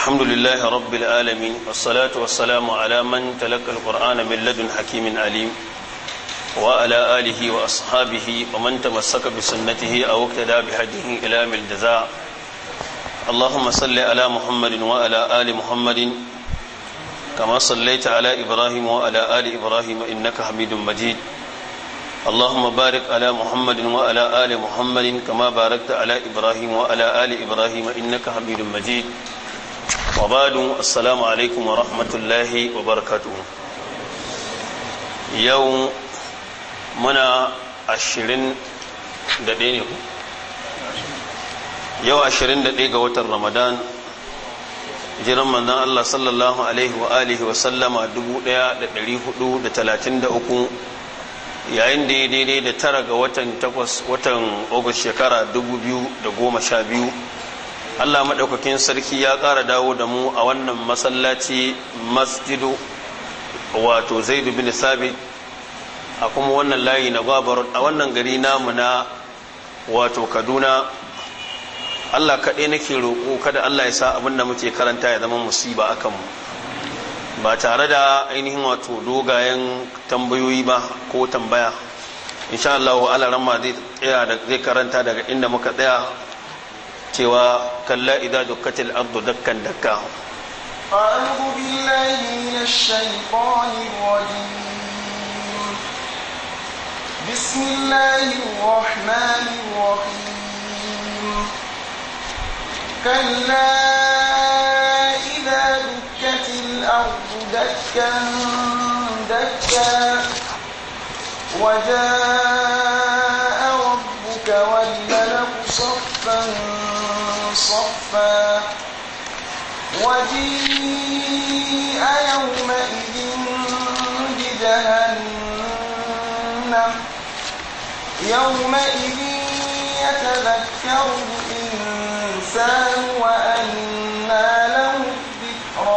الحمد لله رب العالمين والصلاة والسلام على من تلقى القرآن من لدن حكيم عليم وعلى آله وأصحابه ومن تمسك بسنته أو اقتدى بهديه إلى ملجزاء اللهم صل على محمد وعلى آل محمد كما صليت على إبراهيم وعلى آل إبراهيم إنك حميد مجيد اللهم بارك على محمد وعلى آل محمد كما باركت على إبراهيم وعلى آل إبراهيم إنك حميد مجيد wabadu assalamu alaikum wa rahmatullahi wa barakatu yau muna ashirin da ɗaya ne yau ashirin da ga watan ramadan jiran manzan allah sallallahu alaihi wa alihi wa sallama dubu ɗaya da ɗari hudu da talatin da uku yayin da daidai da tara ga watan takwas watan agus shekara dubu biyu da goma sha biyu Allah maɗaukakin sarki ya ƙara dawo da mu a wannan masallaci masjidu wato zaidu bin sabit a kuma wannan layi na gwabar a wannan gari namu na wato kaduna Allah kaɗai nake roƙo kada Allah ya sa abin da muke karanta ya zama musiba a kanmu ba tare da ainihin wato dogayen tambayoyi ba ko tambaya insha Allah Allah ramma zai karanta daga inda muka tsaya تيوا كلا اذا دكت الارض دكا دكا أعوذ بالله من الشيطان الرجيم بسم الله الرحمن الرحيم كلا إذا دكت الأرض دكا دكا وجاء صفا وجيء يومئذ بجهنم يومئذ يتذكر الإنسان وأنى له الذكرى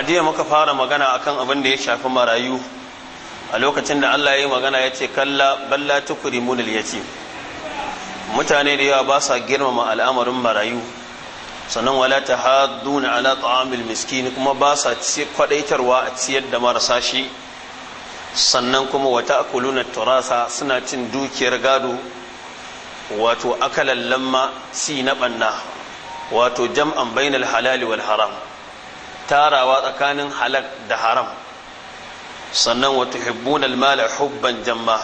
أدية مكفارة مغانا أكان أبن دي مرايو a lokacin da Allah ya yi magana ya ce kalla balla tukuri munil yatim mutane da yawa ba sa girmama al'amarin marayu sannan wala tahadduna ala ta'amil miskin kuma ba sa kwadaitarwa a ciyar da marasa shi sannan kuma wata akuluna turasa suna cin dukiyar gado wato akalan lamma si na banna wato jam'an bainal halali wal haram tarawa tsakanin halal da haram sannan wato hibbuna mala hubban jamma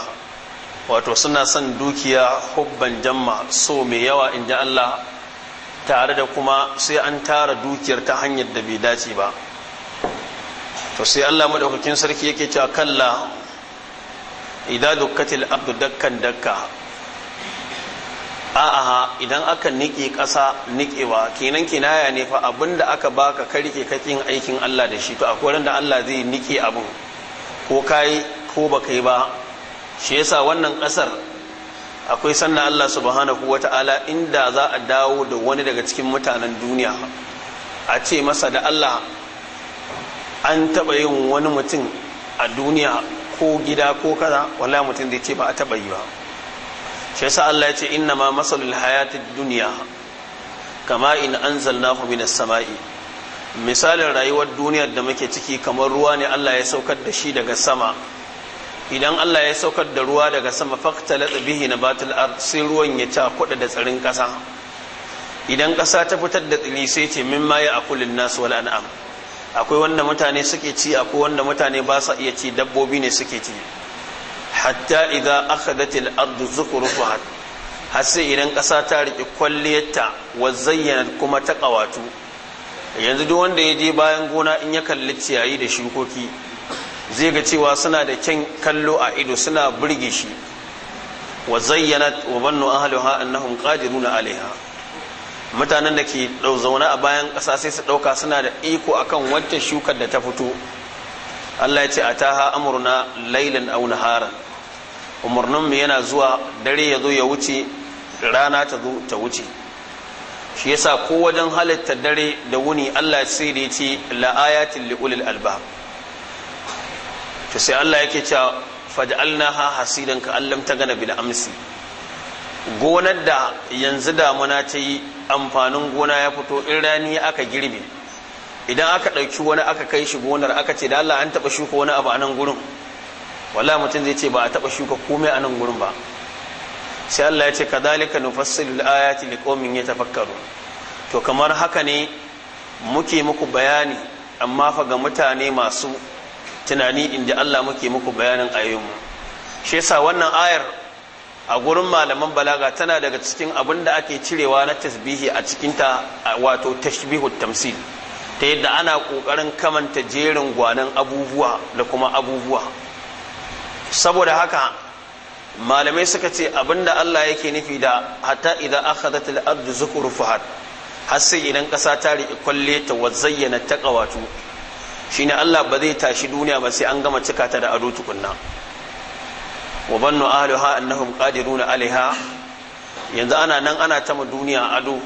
wato suna son dukiya hubban jamma so mai yawa in ji Allah tare da kuma sai an tara dukiyar ta hanyar da bai dace ba to sai Allah madaukakin sarki yake cewa kalla idan dukkatil abdu dakkan dakka a'a idan aka niƙe ƙasa niƙewa kenan kinaya ne fa abinda aka baka ka rike kakin aikin Allah da shi to akwai da Allah zai niƙe abin ko kai ko baka yi ba shi yasa wannan ƙasar akwai sannan Allah subhanahu wata'ala inda za a dawo da wani daga cikin mutanen duniya a ce masa da Allah an taɓa yin wani mutum a duniya ko gida ko kaza wala mutum zai ce ba a taɓa yi ba shi yasa Allah ya ce inna ma masalul hayatid duniya kama in anzalnahu minas sama'i misalin rayuwar duniyar da muke ciki kamar ruwa ne Allah ya saukar da shi daga sama idan Allah ya saukar da ruwa daga sama fakta latsa bihi batul ard sai ruwan ya ta kuɗa da tsarin ƙasa idan ƙasa ta fitar da tsiri sai ce ma ya akulin nasu wal an'am akwai wanda mutane suke ci akwai wanda mutane ba sa iya ci dabbobi ne suke ci hatta idza akhadat al ard zukhrufaha har sai idan ƙasa ta riƙe kwalliyarta wa zayyana kuma ta ƙawatu yanzu duk wanda ya je bayan gona in ya kalli ciyayi da shukoki zai ga cewa suna da kyan kallo a ido suna burge shi wa zayyana wa bannu ahliha annahum qadiruna alaiha mutanen da ke zaune a bayan ƙasa sai su ɗauka suna da iko akan wata shukar da ta fito Allah ya ce a taha amurna lailan aw naharan umarnin mu yana zuwa dare ya zo ya wuce rana ta zo ta wuce shi yasa ko wajen halitta dare da wuni Allah sai da ya ce la ayatin li ulil albab to sai Allah yake cewa faj'alnaha hasidan ka allam ta gana bil amsi gonar da yanzu damuna ta yi amfanin gona ya fito in rani aka girbe idan aka ɗauki wani aka kai shi gonar aka ce da Allah an taɓa shuka wani abu a nan gurin wala mutum zai ce ba a taɓa shuka komai a nan gurin ba sai Allah ya ce kadhalika nufassilu al-ayati liqaumin yatafakkaru to kamar haka ne muke muku bayani amma fa ga mutane masu tunani inda Allah muke muku bayanin mu shi yasa wannan ayar a gurin malaman balaga tana daga cikin abin da ake cirewa na tasbihi a cikin ta wato tashbihu tamsil ta yadda ana ƙoƙarin kamanta jerin gwanin abubuwa da kuma abubuwa saboda haka malamai suka ce abinda Allah yake nufi da hatta idza akhadat al-ardu zukhrufaha har sai idan ƙasa ta riƙe kwalle ta wa zayyana taqawatu shine Allah ba zai tashi duniya ba sai an gama cika ta da ado tukunna wa bannu ahliha annahum qadiruna alaiha yanzu ana nan ana ta ma duniya ado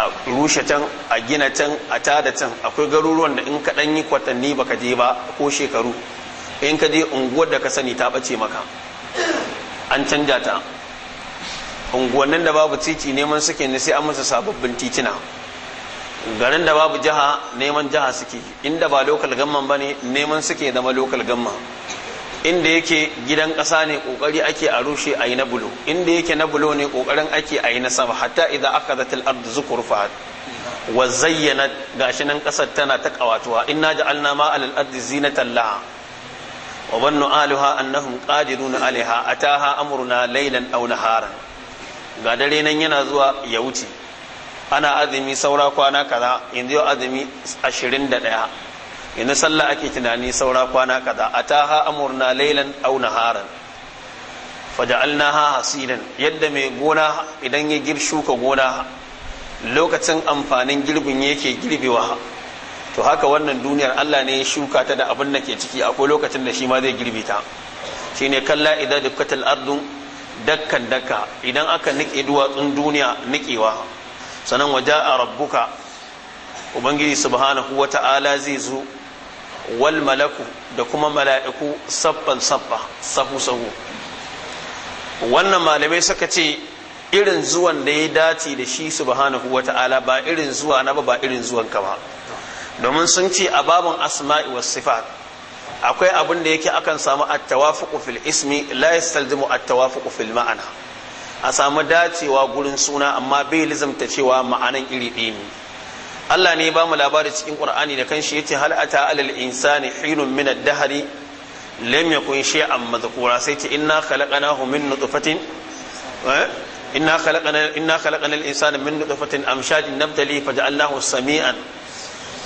a rushe can a gina can a tada can akwai garuruwan da in kaɗan yi kwatanni baka je ba ko shekaru in ka je unguwar da ka sani ta bace maka an canja ta unguwannin da babu titi neman suke ne sai an masa sababbin titina garin da babu jiha neman jiha suke inda ba lokal gamman ba ne neman suke zama lokal gamma inda yake gidan ƙasa ne ƙoƙari ake a rushe a yi na bulo inda yake na bulo ne ƙoƙarin ake a yi na sama hatta idan aka zatil ardu zukur wa zayyana gashi nan ƙasar tana ta ƙawatuwa inna ja'alna ma alal ardi zinatan laha wa bannu aluha annahum qadiruna alaiha ataha amruna laylan aw naharan ga dare nan yana zuwa ya wuce ana azumi saura kwana kaza yanzu yau azumi 21 yanzu sallah ake tunani saura kwana kaza a ta ha amurna laylan haran. naharan ha hasidan yadda mai gona idan ya gir shuka gona lokacin amfanin girbin yake girbewa to haka wannan duniyar Allah ne ya shuka ta da abin da ke ciki akwai lokacin da shi ma zai girbe ta shine kalla idan dukkatul ardu dakkan dakka idan aka nike duwatsun duniya nikewa sannan waje a rabbuka ubangiji subhanahu wa ta'ala zai zo wal malaku da kuma mala'iku saffan saffa sahu sahu wannan malamai suka ce irin zuwan da ya dace da shi subhanahu wa ta'ala ba irin zuwa na ba ba irin zuwan ba domin sun ce a babin asma'i was sifat akwai abin da yake akan samu at-tawafuqu fil ismi la yastalzimu at-tawafuqu fil ma'ana a samu dacewa gurin suna amma bai lizamta cewa ma'anan iri ɗaya ne Allah ne ba mu labari cikin Qur'ani da kanshi yace hal ata alal insani hilun min ad-dahri lam yakun shay'an madhkura sai ce inna khalaqnahu min nutfatin eh? inna khalaqna inna khalaqnal insana min nutfatin amshajin nabtali faj'alnahu samian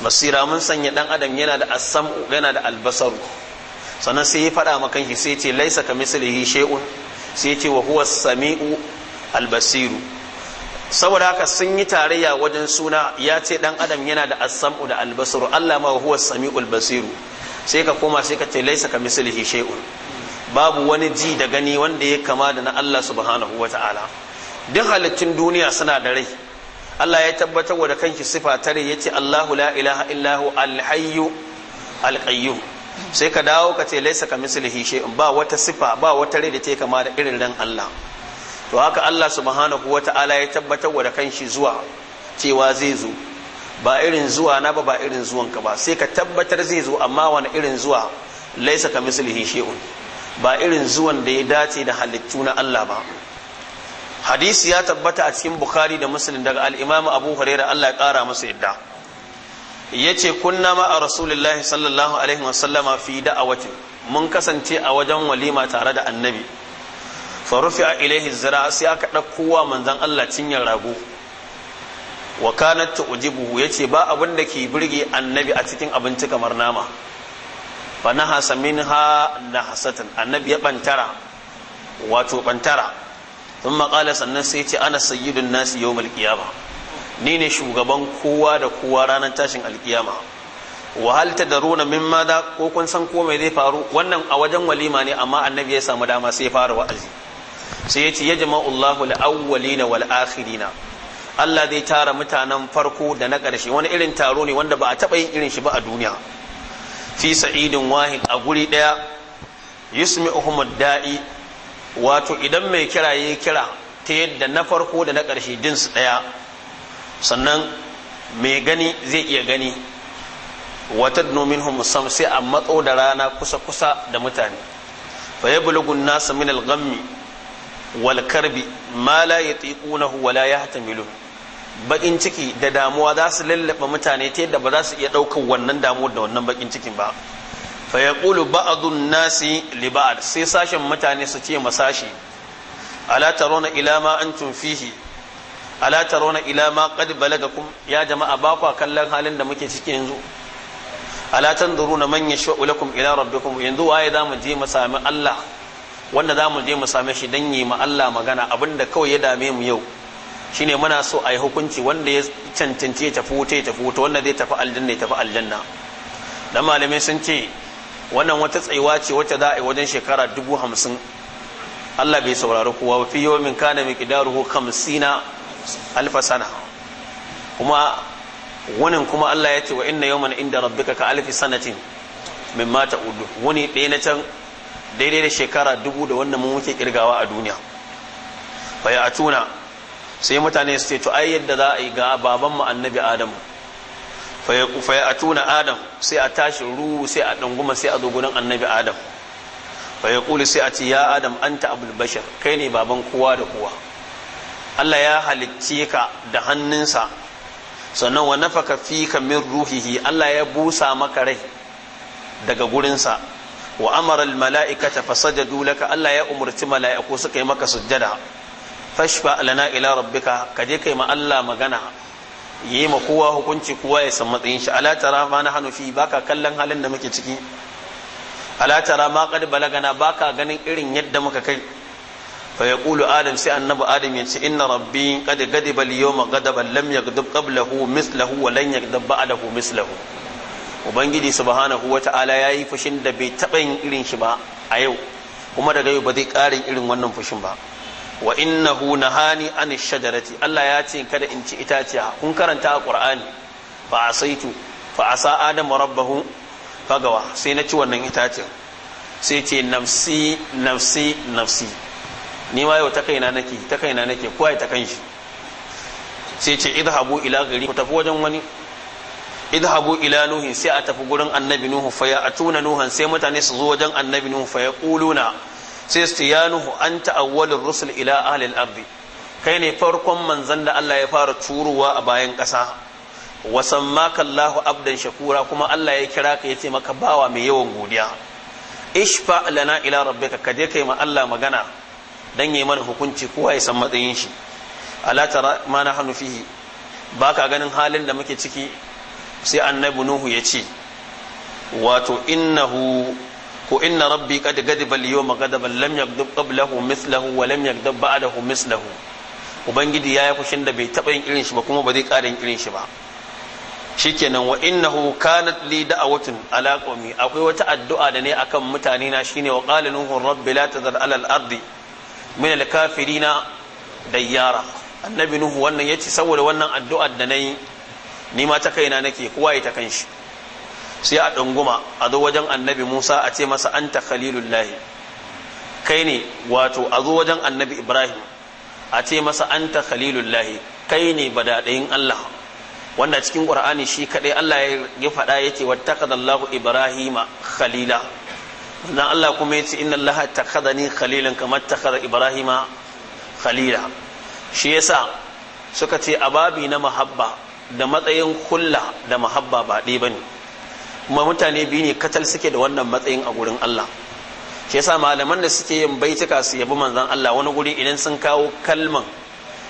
basira mun sanya dan adam yana da asam yana da albasaru sannan sai ya faɗa ma shi sai ce laisa kamislihi shay'un sai ce wa huwa sami'u albasiru saboda haka sun yi tarayya wajen suna ya ce dan adam yana da asam'u da albasiru Allah ma huwa sami'ul basiru sai ka koma sai ka ce laisa ka mislihi shay'un babu wani ji da gani wanda ya kama da na Allah subhanahu wata'ala duk halittun duniya suna da rai Allah ya tabbatar wa da kanki sifa tare ce Allahu la ilaha illahu al-hayyu al-qayyum sai ka dawo ka ce laisa ka mislihi hishe. ba wata sifa ba wata rai da ta kama da irin ran Allah to haka Allah subhanahu wata'ala ya tabbatar wa da kan shi zuwa cewa zai zo ba irin zuwa na ba ba irin zuwan ka ba sai ka tabbatar zai zo amma wani irin zuwa laisa ka mislihi shay'un ba irin zuwan da ya dace da halittu na Allah ba hadisi ya tabbata a cikin bukhari da muslim daga al-imam abu hurairah Allah ya kara masa yadda yace kunna ma a rasulullahi sallallahu alaihi wasallama fi da'awatin mun kasance a wajen walima tare da annabi fa a ilaihi zira sai aka ɗauko wa manzon Allah cinyar rago wa kanat tu'jibuhu yace ba abin da ke birge annabi a cikin abinci kamar nama fa nahasa na nahasatan annabi ya bantara wato bantara thumma qala sannan sai ce ana sayyidun nasi yawmal qiyamah ni ne shugaban kowa da kowa ranar tashin alkiyama wahal ta daruna min mada ko kun san ko mai zai faru wannan a wajen walima ne amma annabi ya samu dama sai ya fara wa'azi sai ya ce ya jama'u Allahu al-awwalina wal akhirina Allah zai tara mutanen farko da na ƙarshe wani irin taro ne wanda ba a taɓa yin irin shi ba a duniya fi sa'idin wahid a guri ɗaya yusmi uhmad da'i wato idan mai kira yayi kira ta yadda na farko da na ƙarshe dinsu ɗaya sannan mai gani zai iya gani wata domin musam sai a matso da rana kusa-kusa da mutane fa ya bulugun nasa min alghammi wal karbi ma la yatiqunahu wa la yahtamilu bakin ciki da damuwa za su lallaba mutane ta yadda ba za su iya ɗaukar wannan damuwar da wannan bakin cikin ba fa ƙulu ba'adun nasi li sai sashen mutane su ce masashi ala tarawna ila ma antum fihi ala tarawna ila ma qad balagakum ya jama'a ba ku kallon halin da muke ciki yanzu ala tanzuruna man yashu lakum ila rabbikum yanzu waye mu je mu sami Allah wanda zamu je mu same shi dan yi ma Allah magana abinda kawai ya dame mu yau shine muna so a yi hukunci wanda ya cancanci ya tafi wuta ya tafi wuta wanda zai tafi aljanna ya tafi aljanna dan malamai sun ce wannan wata tsayuwa ce wacce za a yi wajen shekara dubu hamsin Allah bai saurari kowa fi yawmin kana miqdaruhu 50 alfasana kuma wannan kuma Allah ya ce wa inna yawman inda rabbika ka alfi sanatin mimma ta'udu wani ɗaya na can daidai da shekara dubu da wannan mun muke kirgawa a duniya fa ya tuna sai mutane su ce to ai yadda za a yi ga baban mu annabi adamu fa ya atuna adam sai a tashi ruhu sai a danguma sai a zo gurin annabi adam fa ya kuli sai a ce ya adam anta abul bashar kai ne baban kowa da kowa Allah ya halicce ka da hannunsa sannan wa nafaka fika min ruhihi Allah ya busa maka rai daga gurinsa wa amara tafasa da fasajadu laka Allah ya umurci mala'iku suka yi maka sujjada fashfa lana ila rabbika je kai ma Allah magana yi ma kowa hukunci kowa ya san matsayin shi ala tara ma na hanu fi baka kallon halin da muke ciki ala tara ma kad balagana baka ganin irin yadda muka kai ya yaqulu adam sai annabi adam yace inna rabbi qad gadiba al-yawma gadaban lam yaghdab qablahu mislahu wa lan yaghdab ba'dahu mislahu ubangiji subhanahu wata'ala yayi fashin da bai taba yin irin shi ba a yau kuma daga yau ba zai karin irin wannan fushin ba wa na hani an shajarati Allah ya ce kada in ci itaciya kun karanta a Qur'ani fa asaitu fa asa adamu rabbahu fagawa sai na ci wannan itacin sai ce nafsi nafsi nafsi ni ma yau ta kaina nake ta kaina nake ta kanshi. sai ce idhabu ila gari ku tafi wajen wani idhabu ila nuhin sai a tafi gurin annabi nuhu fa ya atuna nuhan sai mutane su zo wajen annabi nuhu fa ya quluna sai su ya nuhu anta awwalur rusul ila ahli al-ardi kai ne farkon manzon da Allah ya fara turuwa a bayan ƙasa wasammaka Allahu abdan shakura kuma Allah ya kira ka yace maka bawa mai yawan godiya ishfa lana ila rabbika ka je kai ma Allah magana dan yi mana hukunci ko ya san matsayin shi ala tara ma na hanu fihi baka ganin halin da muke ciki sai annabi nuhu ya ce wato innahu ko inna rabbi qad gadaba al-yawma gadaban lam yakdub qablahu mithlahu wa lam yakdub ba'dahu mithlahu ubangiji yayi kushin da bai taba yin irin shi ba kuma ba zai ƙara yin irin shi ba shikenan wa innahu kanat li da'watun ala qaumi akwai wata addu'a da ne akan mutane na shine wa qala nuhu rabbi la tadhar ala al-ardi min alkafirina dayyara annabi nuhu wannan yace saboda wannan addu'ar da nayi ni ma ta kaina nake kowa ya ta kanshi sai a dunguma a zo wajen annabi Musa a ce masa anta khalilullahi kai ne wato a zo wajen annabi Ibrahim a ce masa anta khalilullahi kai ne badadayin Allah wanda cikin Qur'ani shi kadai Allah ya faɗa yace wattaqadallahu Ibrahima khalila manzon Allah kuma ya ce inna Allah takhadani khalilan kamar takhada Ibrahima khalila shi yasa suka ce ababi na mahabba da matsayin kulla da mahabba ba ɗaya bane kuma mutane biyu ne katal suke da wannan matsayin a gurin Allah shi yasa malaman da suke yin baituka su yabi manzon Allah wani guri idan sun kawo kalman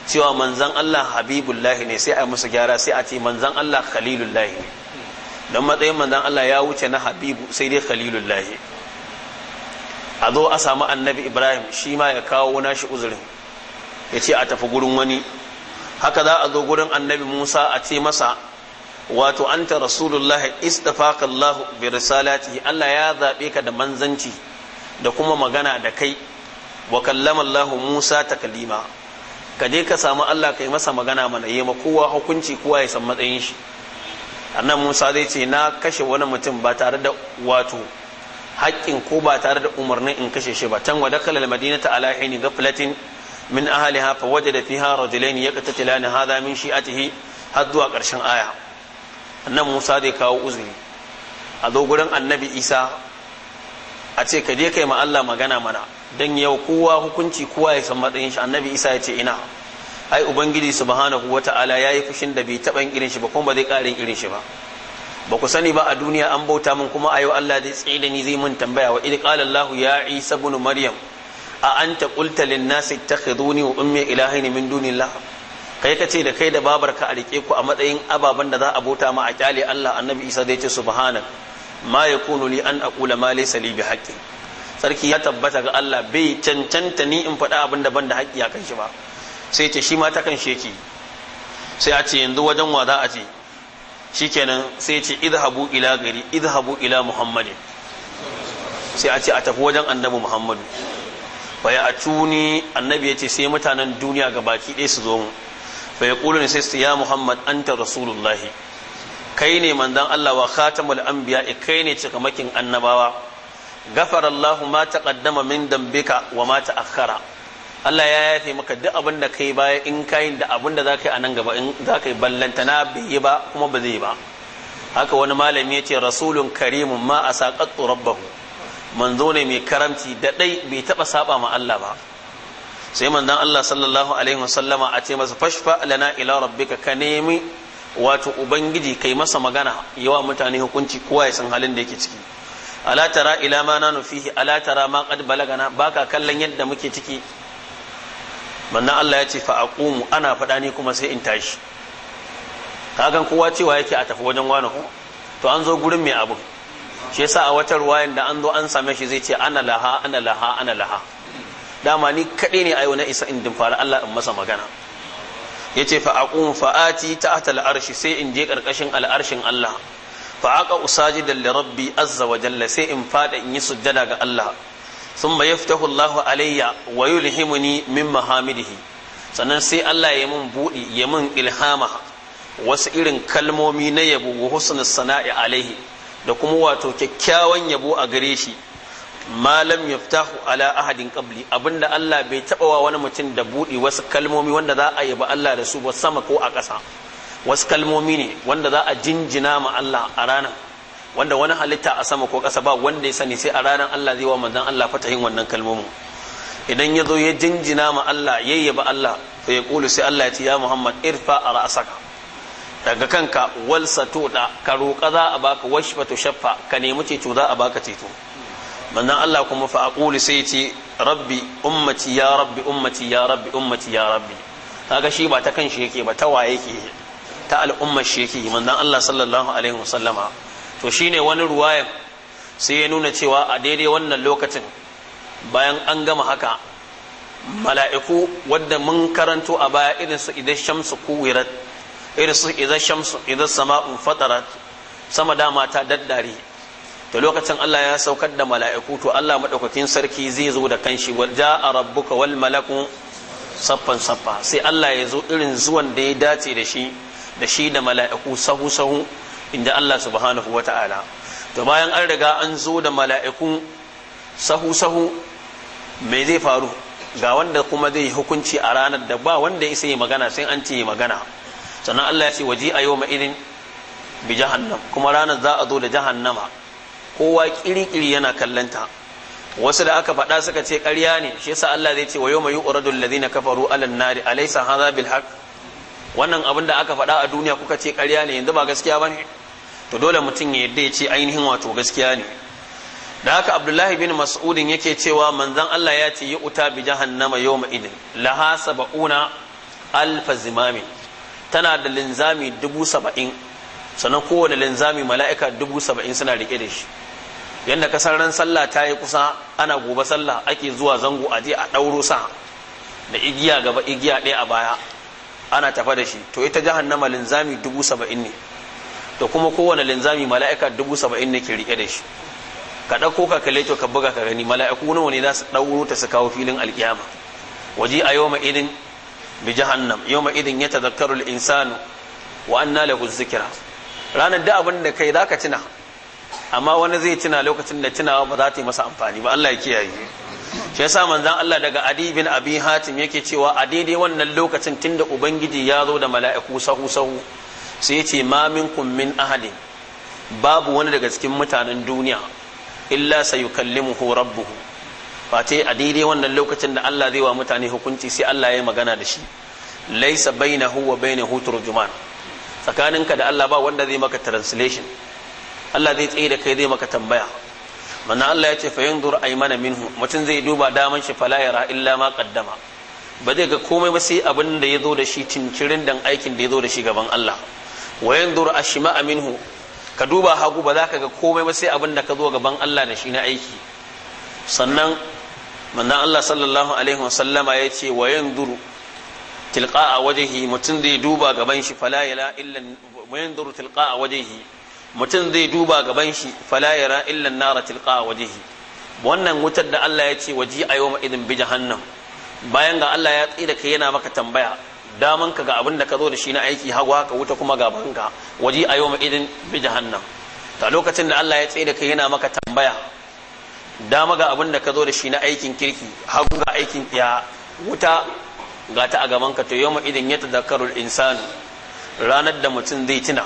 cewa manzon Allah habibullahi ne sai a musu gyara sai a ce manzon Allah khalilullahi ne don matsayin manzon Allah ya wuce na habibu sai dai khalilullahi a zo a samu annabi ibrahim shi ma ya kawo nashi uzurin ya ce a tafi gurin wani haka za a zo gurin annabi musa a ce masa wato anta rasulullahi istafaka allah bi risalatihi allah ya zaɓe ka da manzanci da kuma magana da kai wa kallama allah musa kalima. ka je ka samu allah ka kai masa magana mana yi ma kowa hukunci kowa ya san matsayin shi annan musa zai ce na kashe wani mutum ba tare da wato haƙƙin ko ba tare da umarnin in kashe shi ba can wa dakala almadinata ala hini ghaflatin min ahliha fa wajada fiha rajulain yaqtatilani hadha min shi'atihi har zuwa ƙarshen aya annan Musa zai kawo uzuri a zo gurin annabi Isa a ce ka je kai ma Allah magana mana dan yau kowa hukunci kowa ya san matsayin shi annabi Isa ya ce ina ai ubangiji subhanahu wata'ala yayi fushin da bai taɓa irin shi ba kuma ba zai ƙarin irin shi ba ba ku sani ba a duniya an bauta min kuma ayo Allah zai tsaye ni zai mun tambaya wa idh qala ya Isa ibn Maryam a anta qulta lin nasi ittakhiduni wa ummi ilahin min dunillah kai ka ce da kai da babarka a rike ku a matsayin ababen da za a bauta ma a kyale Allah annabi Isa zai ce subhanak ma yakunu li an aqula ma laysa li bihaqqi sarki ya tabbata ga Allah bai cancanta ni in faɗa abin da ban da haƙƙi a kan shi ba sai ce shi ma ta kan sheki sai a ce yanzu wajen wa za a ce shikenan sai ce ce idhabu ila gari idhabu ila muhammadin sai a ce a tafi wajen annabi muhammadu baya a tuni annabi ya ce sai mutanen duniya ga baki ɗaya su zo mu baya ƙulu ne sai su ya muhammad an ta rasulullahi kai ne manzon allah wa khatamul anbiya kai ne cikamakin annabawa Gafarallahu allah ma taqaddama min dambika wa ma ta'akhkhara Allah ya yafe maka duk abin da kai baya in kayin da abin da zaka yi a nan gaba in za zaka yi ballantana bai yi ba kuma ba zai ba haka wani malami ya ce rasulun karimun ma a saƙaƙƙu rabbahu manzo ne mai karamci da ɗai bai taɓa saba ma Allah ba sai manzon Allah sallallahu alaihi wasallama a ce masa fashfa lana ila rabbika ka nemi wato ubangiji kai masa magana yawa mutane hukunci kowa ya san halin da yake ciki alatara tara ila ma nanu fihi ala ma qad balagana baka kallon yadda muke ciki manna Allah ya ce fa aqumu ana faɗa ni kuma sai in tashi kagan kowa cewa yake a tafi wajen wani ko to an zo gurin mai abu shi yasa a wata ruwayan da an zo an same shi zai ce ana laha ana laha ana laha dama ni kaɗai ne ayo na isa in fara Allah in masa magana ya ce fa aqum fa ati tahta al'arshi sai in je karkashin al'arshin Allah fa aqa usajidan li rabbi azza wa jalla sai in fada in yi sujjada ga Allah thumma yaftahu Allahu alayya wa yulhimuni min mahamidihi sannan sai Allah ya mun buɗi ya mun ilhama wasu irin kalmomi na yabo wa husnul sana'i alaihi da kuma wato kyakkyawan yabo a gare shi malam yaftahu ala ahadin qabli abinda Allah bai taba wa wani mutum da budi wasu kalmomi wanda za a yaba Allah da su ba sama ko a ƙasa wasu kalmomi ne wanda za a jinjina ma Allah a ranar wanda wani halitta a sama ko ƙasa ba wanda ya sani sai a ranar Allah zai wa manzon Allah fatahin wannan kalmomin idan ya zo ya jinjina ma Allah yayyaba Allah fa ya kulu sai Allah ya ce ya Muhammad irfa a ra'asaka daga kanka wal toda ka roƙa za a baka washfa shaffa ka nemi ceto za a baka ceto manzon Allah kuma fa aqulu sai ya ce rabbi ummati ya rabbi ummati ya rabbi ummati ya rabbi kaga shi ba ta shi yake ba ta waye yake ta al'ummar shi yake manzon Allah sallallahu alaihi wasallama to shine wani ruwayan sai ya nuna cewa a daidai wannan lokacin bayan an gama haka mala'iku wadda mun karanto a baya su idan shamsu kuwirat irinsu idan shamsu idan sama'un fatarat sama dama ta daddare ta lokacin Allah ya saukar da mala'iku to Allah maɗaukakin sarki zai zo da kanshi wal rabu rabbuka wal malaku saffan saffa sai Allah ya zo irin zuwan da ya dace da shi da shi da mala'iku sahu sahu in inda Allah subhanahu wa ta'ala to bayan an riga an zo da mala'ikun sahu sahu mai zai faru ga wanda kuma zai yi hukunci a ranar da ba wanda ya yi magana sai an ce magana sannan Allah ya ce waje a yau ma'irin bi jahannam kuma ranar za a zo da jahannama kowa kirikiri yana kallanta wasu da aka faɗa suka ce ƙarya ne shi yasa Allah zai ce wa yau mai yu'radul ladina kafaru alan nari alaysa hadha bil haqq wannan abin da aka faɗa a duniya kuka ce ƙarya ne yanzu ba gaskiya bane to dole mutum ya yadda ya ce ainihin wato gaskiya ne da haka abdullahi bin mas'udin yake cewa manzan Allah ya ce yi uta bi jahannama yau ma'idin laha saba'una alfa zimami tana da linzami dubu saba'in sannan kowane linzami mala'ika dubu saba'in suna rike da shi yadda kasar ran sallah ta yi kusa ana gobe sallah ake zuwa zango a je a ɗauro sa da igiya gaba igiya ɗaya a baya ana tafa da shi to ita jahannama linzami dubu saba'in ne to kuma kowane linzami mala'ika dubu saba'in ne ke rike da shi ka ɗauko ka kalle to ka buga ka gani mala'iku nawa ne za su ɗauro ta su kawo filin alƙiyama waje a yawma ma'idin bi jahannam yawma ma'idin ya tadhakkaru insanu wa anna lahu zikira ranar da abin da kai ka tuna amma wani zai tuna lokacin da tunawa ba za ta yi masa amfani ba Allah ya kiyaye shi yasa manzan Allah daga Adi bin Abi Hatim yake cewa a daidai wannan lokacin tunda ubangiji ya zo da mala'iku sahu sahu sai ya ce mamin kummin min babu wani daga cikin mutanen duniya illa kalli mu rabbuhu ba ta a daidai wannan lokacin da Allah zai wa mutane hukunci sai Allah ya magana da shi laisa bainahu wa bainahu turjuman tsakaninka da Allah ba wanda zai maka translation Allah zai tsaye da kai zai maka tambaya mana Allah ya ce fa yi mana minhu mutum zai duba daman shi fala yara illa ma kaddama. ba zai ga komai ba sai abin da ya zo da shi cincirin dan aikin da ya zo da shi gaban Allah wa a shima minhu ka duba hagu ba za ka ga komai ba sai abin da ka zo gaban Allah da shi na aiki sannan manzon Allah sallallahu alaihi wasallama ya ce wa yanzur tilqa a wajehi mutum zai duba gaban shi fala yala illan, wa yanzur tilqa a wajehi mutum zai duba gaban shi fala yara illa nara tilqa a wajehi wannan wutar da Allah ya ce waji a yau idin bi jahannam bayan ga Allah ya tsira kai yana maka tambaya daman ka ga abin da ka zo da shi na aiki hagu haka wuta kuma gaban ka waji a yau idin bi jahannam ta lokacin da Allah ya tsaye da kai yana maka tambaya dama ga abin da ka zo da shi na aikin kirki hagu ga aikin ya wuta ga ta a gaban ka to yau idin ya tadakkarul insan ranar da mutum zai tuna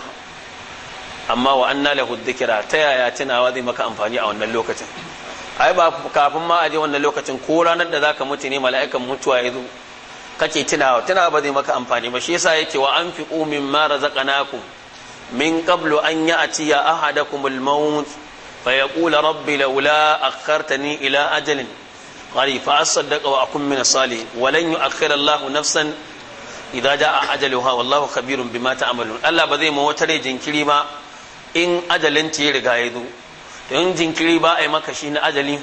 amma wa anna lahu dhikra ta yaya tunawa zai maka amfani a wannan lokacin ai ba kafin ma a wannan lokacin ko ranar da zaka mutu ne mala'ikan mutuwa ya zo kake tunawa tunawa ba zai maka amfani ba shi yasa yake wa an anfiqu mimma razaqnakum min qablu an ya'tiya ahadakumul maut fa yaqula rabbi laula akhartani ila ajalin qarib fa asaddaqa wa akun min salihin wa lan yu'akhkhira Allahu nafsan idza jaa ajaluha wallahu khabirun bima ta'malun Allah ba zai ma wata rai jinkiri ba in ajalin ta ya riga ya zo don jinkiri ba a yi maka shi na ajali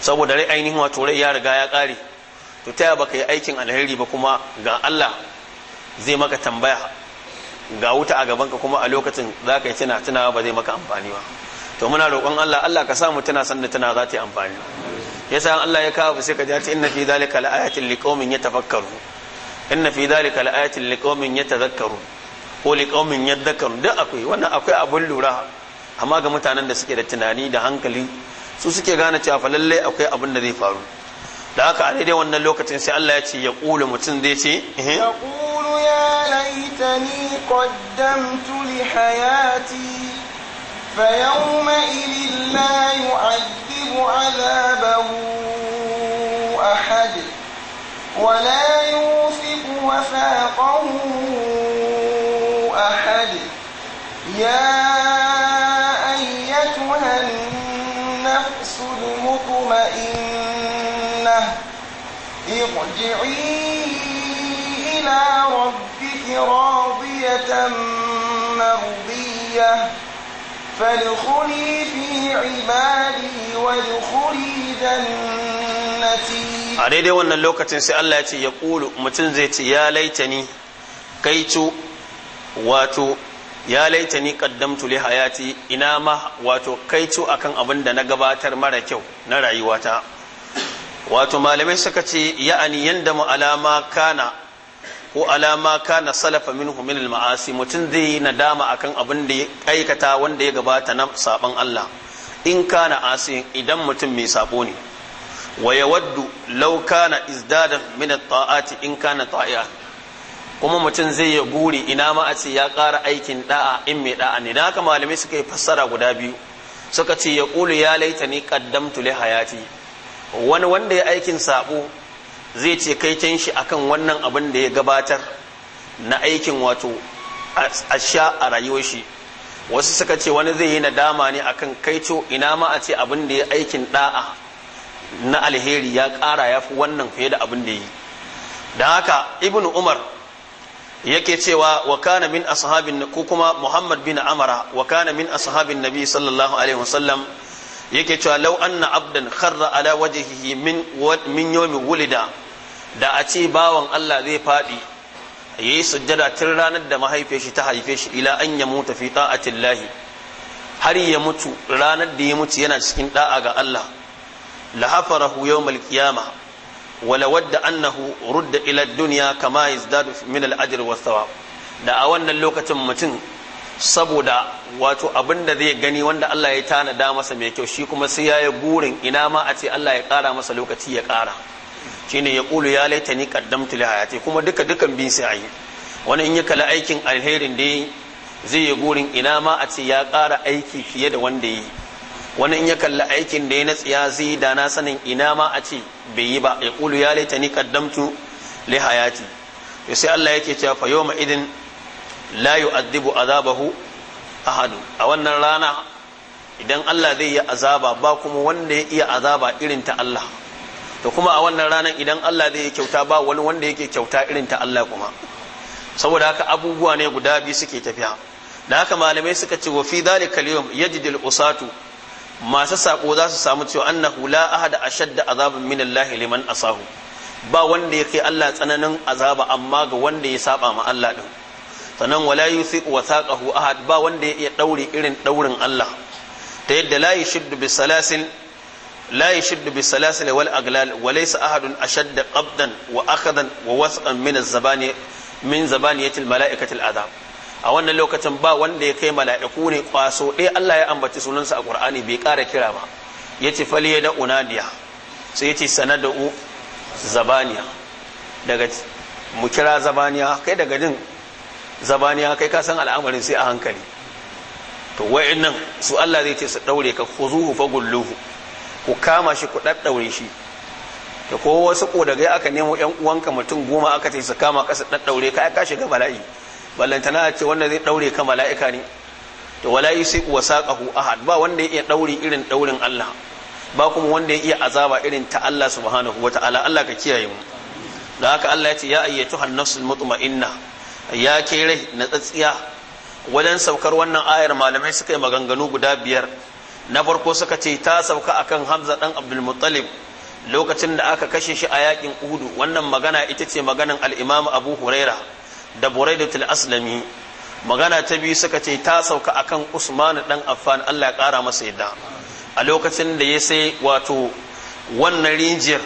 saboda rai ainihin wato rai ya riga ya kare to ta baka yi aikin alheri ba kuma ga Allah zai maka tambaya ga wuta a gabanka kuma a lokacin za ka yi tuna tunawa ba zai maka amfani ba to muna roƙon Allah Allah ka samu tana sanda da za ta yi amfani sa Allah ya kawo sai ka ji inna fi zalika laayatin liqaumin yatafakkaru inna fi zalika laayatin liqaumin yatadhakkaru ko liqaumin yadhakkaru da akwai wannan akwai abun lura amma ga mutanen da suke da tunani da hankali su suke gane cewa fa lallai akwai abin da zai faru da haka a daidai wannan lokacin sai Allah ya ce ya ƙulu mutum zai ce ya ƙulu ya laitani qaddamtu li hayati fa yawma idin la yu'adhibu 'adabahu ahad wa la yusiku wasaqahu ahad ya ayyatuha an-nafsu al-mutma'innah ارجعي إلى ربك راضية مرضية فادخلي في عبادي وادخلي جنتي a daidai wannan lokacin sai Allah ya ce ya ƙulu mutum zai ce ya laita ni kaicu wato ya laita ni kaddamtu li hayati ina ma wato kaicu akan abin da na gabatar mara kyau na rayuwata wato malamai suka ce ya'ani yanda mu alama kana ko alama kana salafa minhu min al-ma'asi mutum zai yi nadama akan abin da ya aikata wanda ya gabata na saban Allah in kana asin idan mutum mai sabo ne wa waddu law kana izdada min at-ta'ati in kana ta'iya kuma mutum zai ya buri ina ma a ce ya ƙara aikin da'a in mai da'a ne da haka malamai suka yi fassara guda biyu suka ce ya ƙulu ya laita ni qaddamtu li hayati wani wanda ya aikin sabo zai ce kai can shi akan wannan abin da ya gabatar na aikin wato a sha a rayuwar shi wasu suka ce wani zai yi nadama ne akan kaito ina ma a ce abin da ya aikin da'a na alheri ya kara ya fi wannan fiye da abin da yi da haka ibn umar yake cewa wa kana min ashabin ko kuma muhammad bin amara wa kana min ashabin nabi sallallahu alaihi wasallam yake cewa law anna abdan kharra ala wajhihi min min yawmi wulida da a ce bawan Allah zai fadi yayi sujjada tun ranar da mahaifiyar shi ta haife shi ila an ya muta fi ta'atillahi har ya mutu ranar da ya mutu yana cikin da'a ga Allah la hafarahu yawmal qiyamah wala wadda annahu rudda ila dunya kama yazdadu min al-ajr was-thawab da a wannan lokacin mutum saboda wato abin da zai gani wanda Allah ya tanada masa mai kyau shi kuma sai ya yi gurin ina ma a ce Allah ya kara masa lokaci ya kara. shine ya kulu ya laita ni qaddamtu li hayati kuma duka dukan bin sai ayi wani in ya kala aikin alherin da zai yi gurin ina ma a ce ya kara aiki fiye da wanda yi wani in ya kalla aikin da ya na tsiya zai da na sanin ina ma a ce bai yi ba ya kulu ya laita ni qaddamtu li hayati sai Allah yake cewa fa yawma idin la yu'adhibu azabahu ahadu a wannan rana idan Allah zai yi azaba ba kuma wanda ya iya azaba irin ta Allah to kuma a wannan ranan idan Allah zai yi kyauta ba wani wanda yake kyauta irin ta Allah kuma saboda haka abubuwa ne guda biyu suke tafiya da haka malamai suka ce wa fi dhalika al-yawm yajidul usatu masu sako za su samu cewa annahu la ahada ashadda azabin min Allah liman asahu ba wanda ya kai Allah tsananin azaba amma ga wanda ya saba ma Allah din sannan wala yuthiqu wathaqahu ahad ba wanda ya iya daure irin daurin Allah ta yadda la yashuddu bi salasin la yashuddu bi salasin wal aglal wa laysa ahadun ashadda qabdan wa akhadan wa wasqan min az-zabani min zabaniyati al adab a wannan lokacin ba wanda ya kai mala'iku ne kwaso ɗaya Allah ya ambaci sunansa a Qur'ani bai kara kira ba yace fali da unadiya sai yace sanadu zabaniya daga mu kira zabaniya kai daga din zabaniya kai ka san al'amarin sai a hankali to nan su Allah zai ce su ɗaure ka khuzuhu gulluhu ku kama shi ku daddaure shi da ko wasu ƙodagai aka nemo yan uwanka mutum goma aka ce su kama ka su daddaure ka ka shiga bala'i ballantana ce wanda zai ɗaure ka mala'ika ne to wala wa saqahu ahad ba wanda ya iya daure irin daurin Allah ba kuma wanda ya iya azaba irin ta Allah subhanahu wataala Allah ka kiyaye mu da haka Allah ya ce ya ayyatu hannasul mutma'inna ya ke rai na tsatsiya wajen saukar wannan ayar malamai suka yi maganganu guda biyar na farko suka ce ta sauka akan hamza dan abdulmuttalib lokacin da aka kashe shi a yakin uhudu wannan magana ita ce maganan al'imamu abu huraira da buraidatul aslami magana ta biyu suka ce ta sauka akan usmanu dan affan allah ya kara masa yadda a lokacin da ya sai wato wannan rijiyar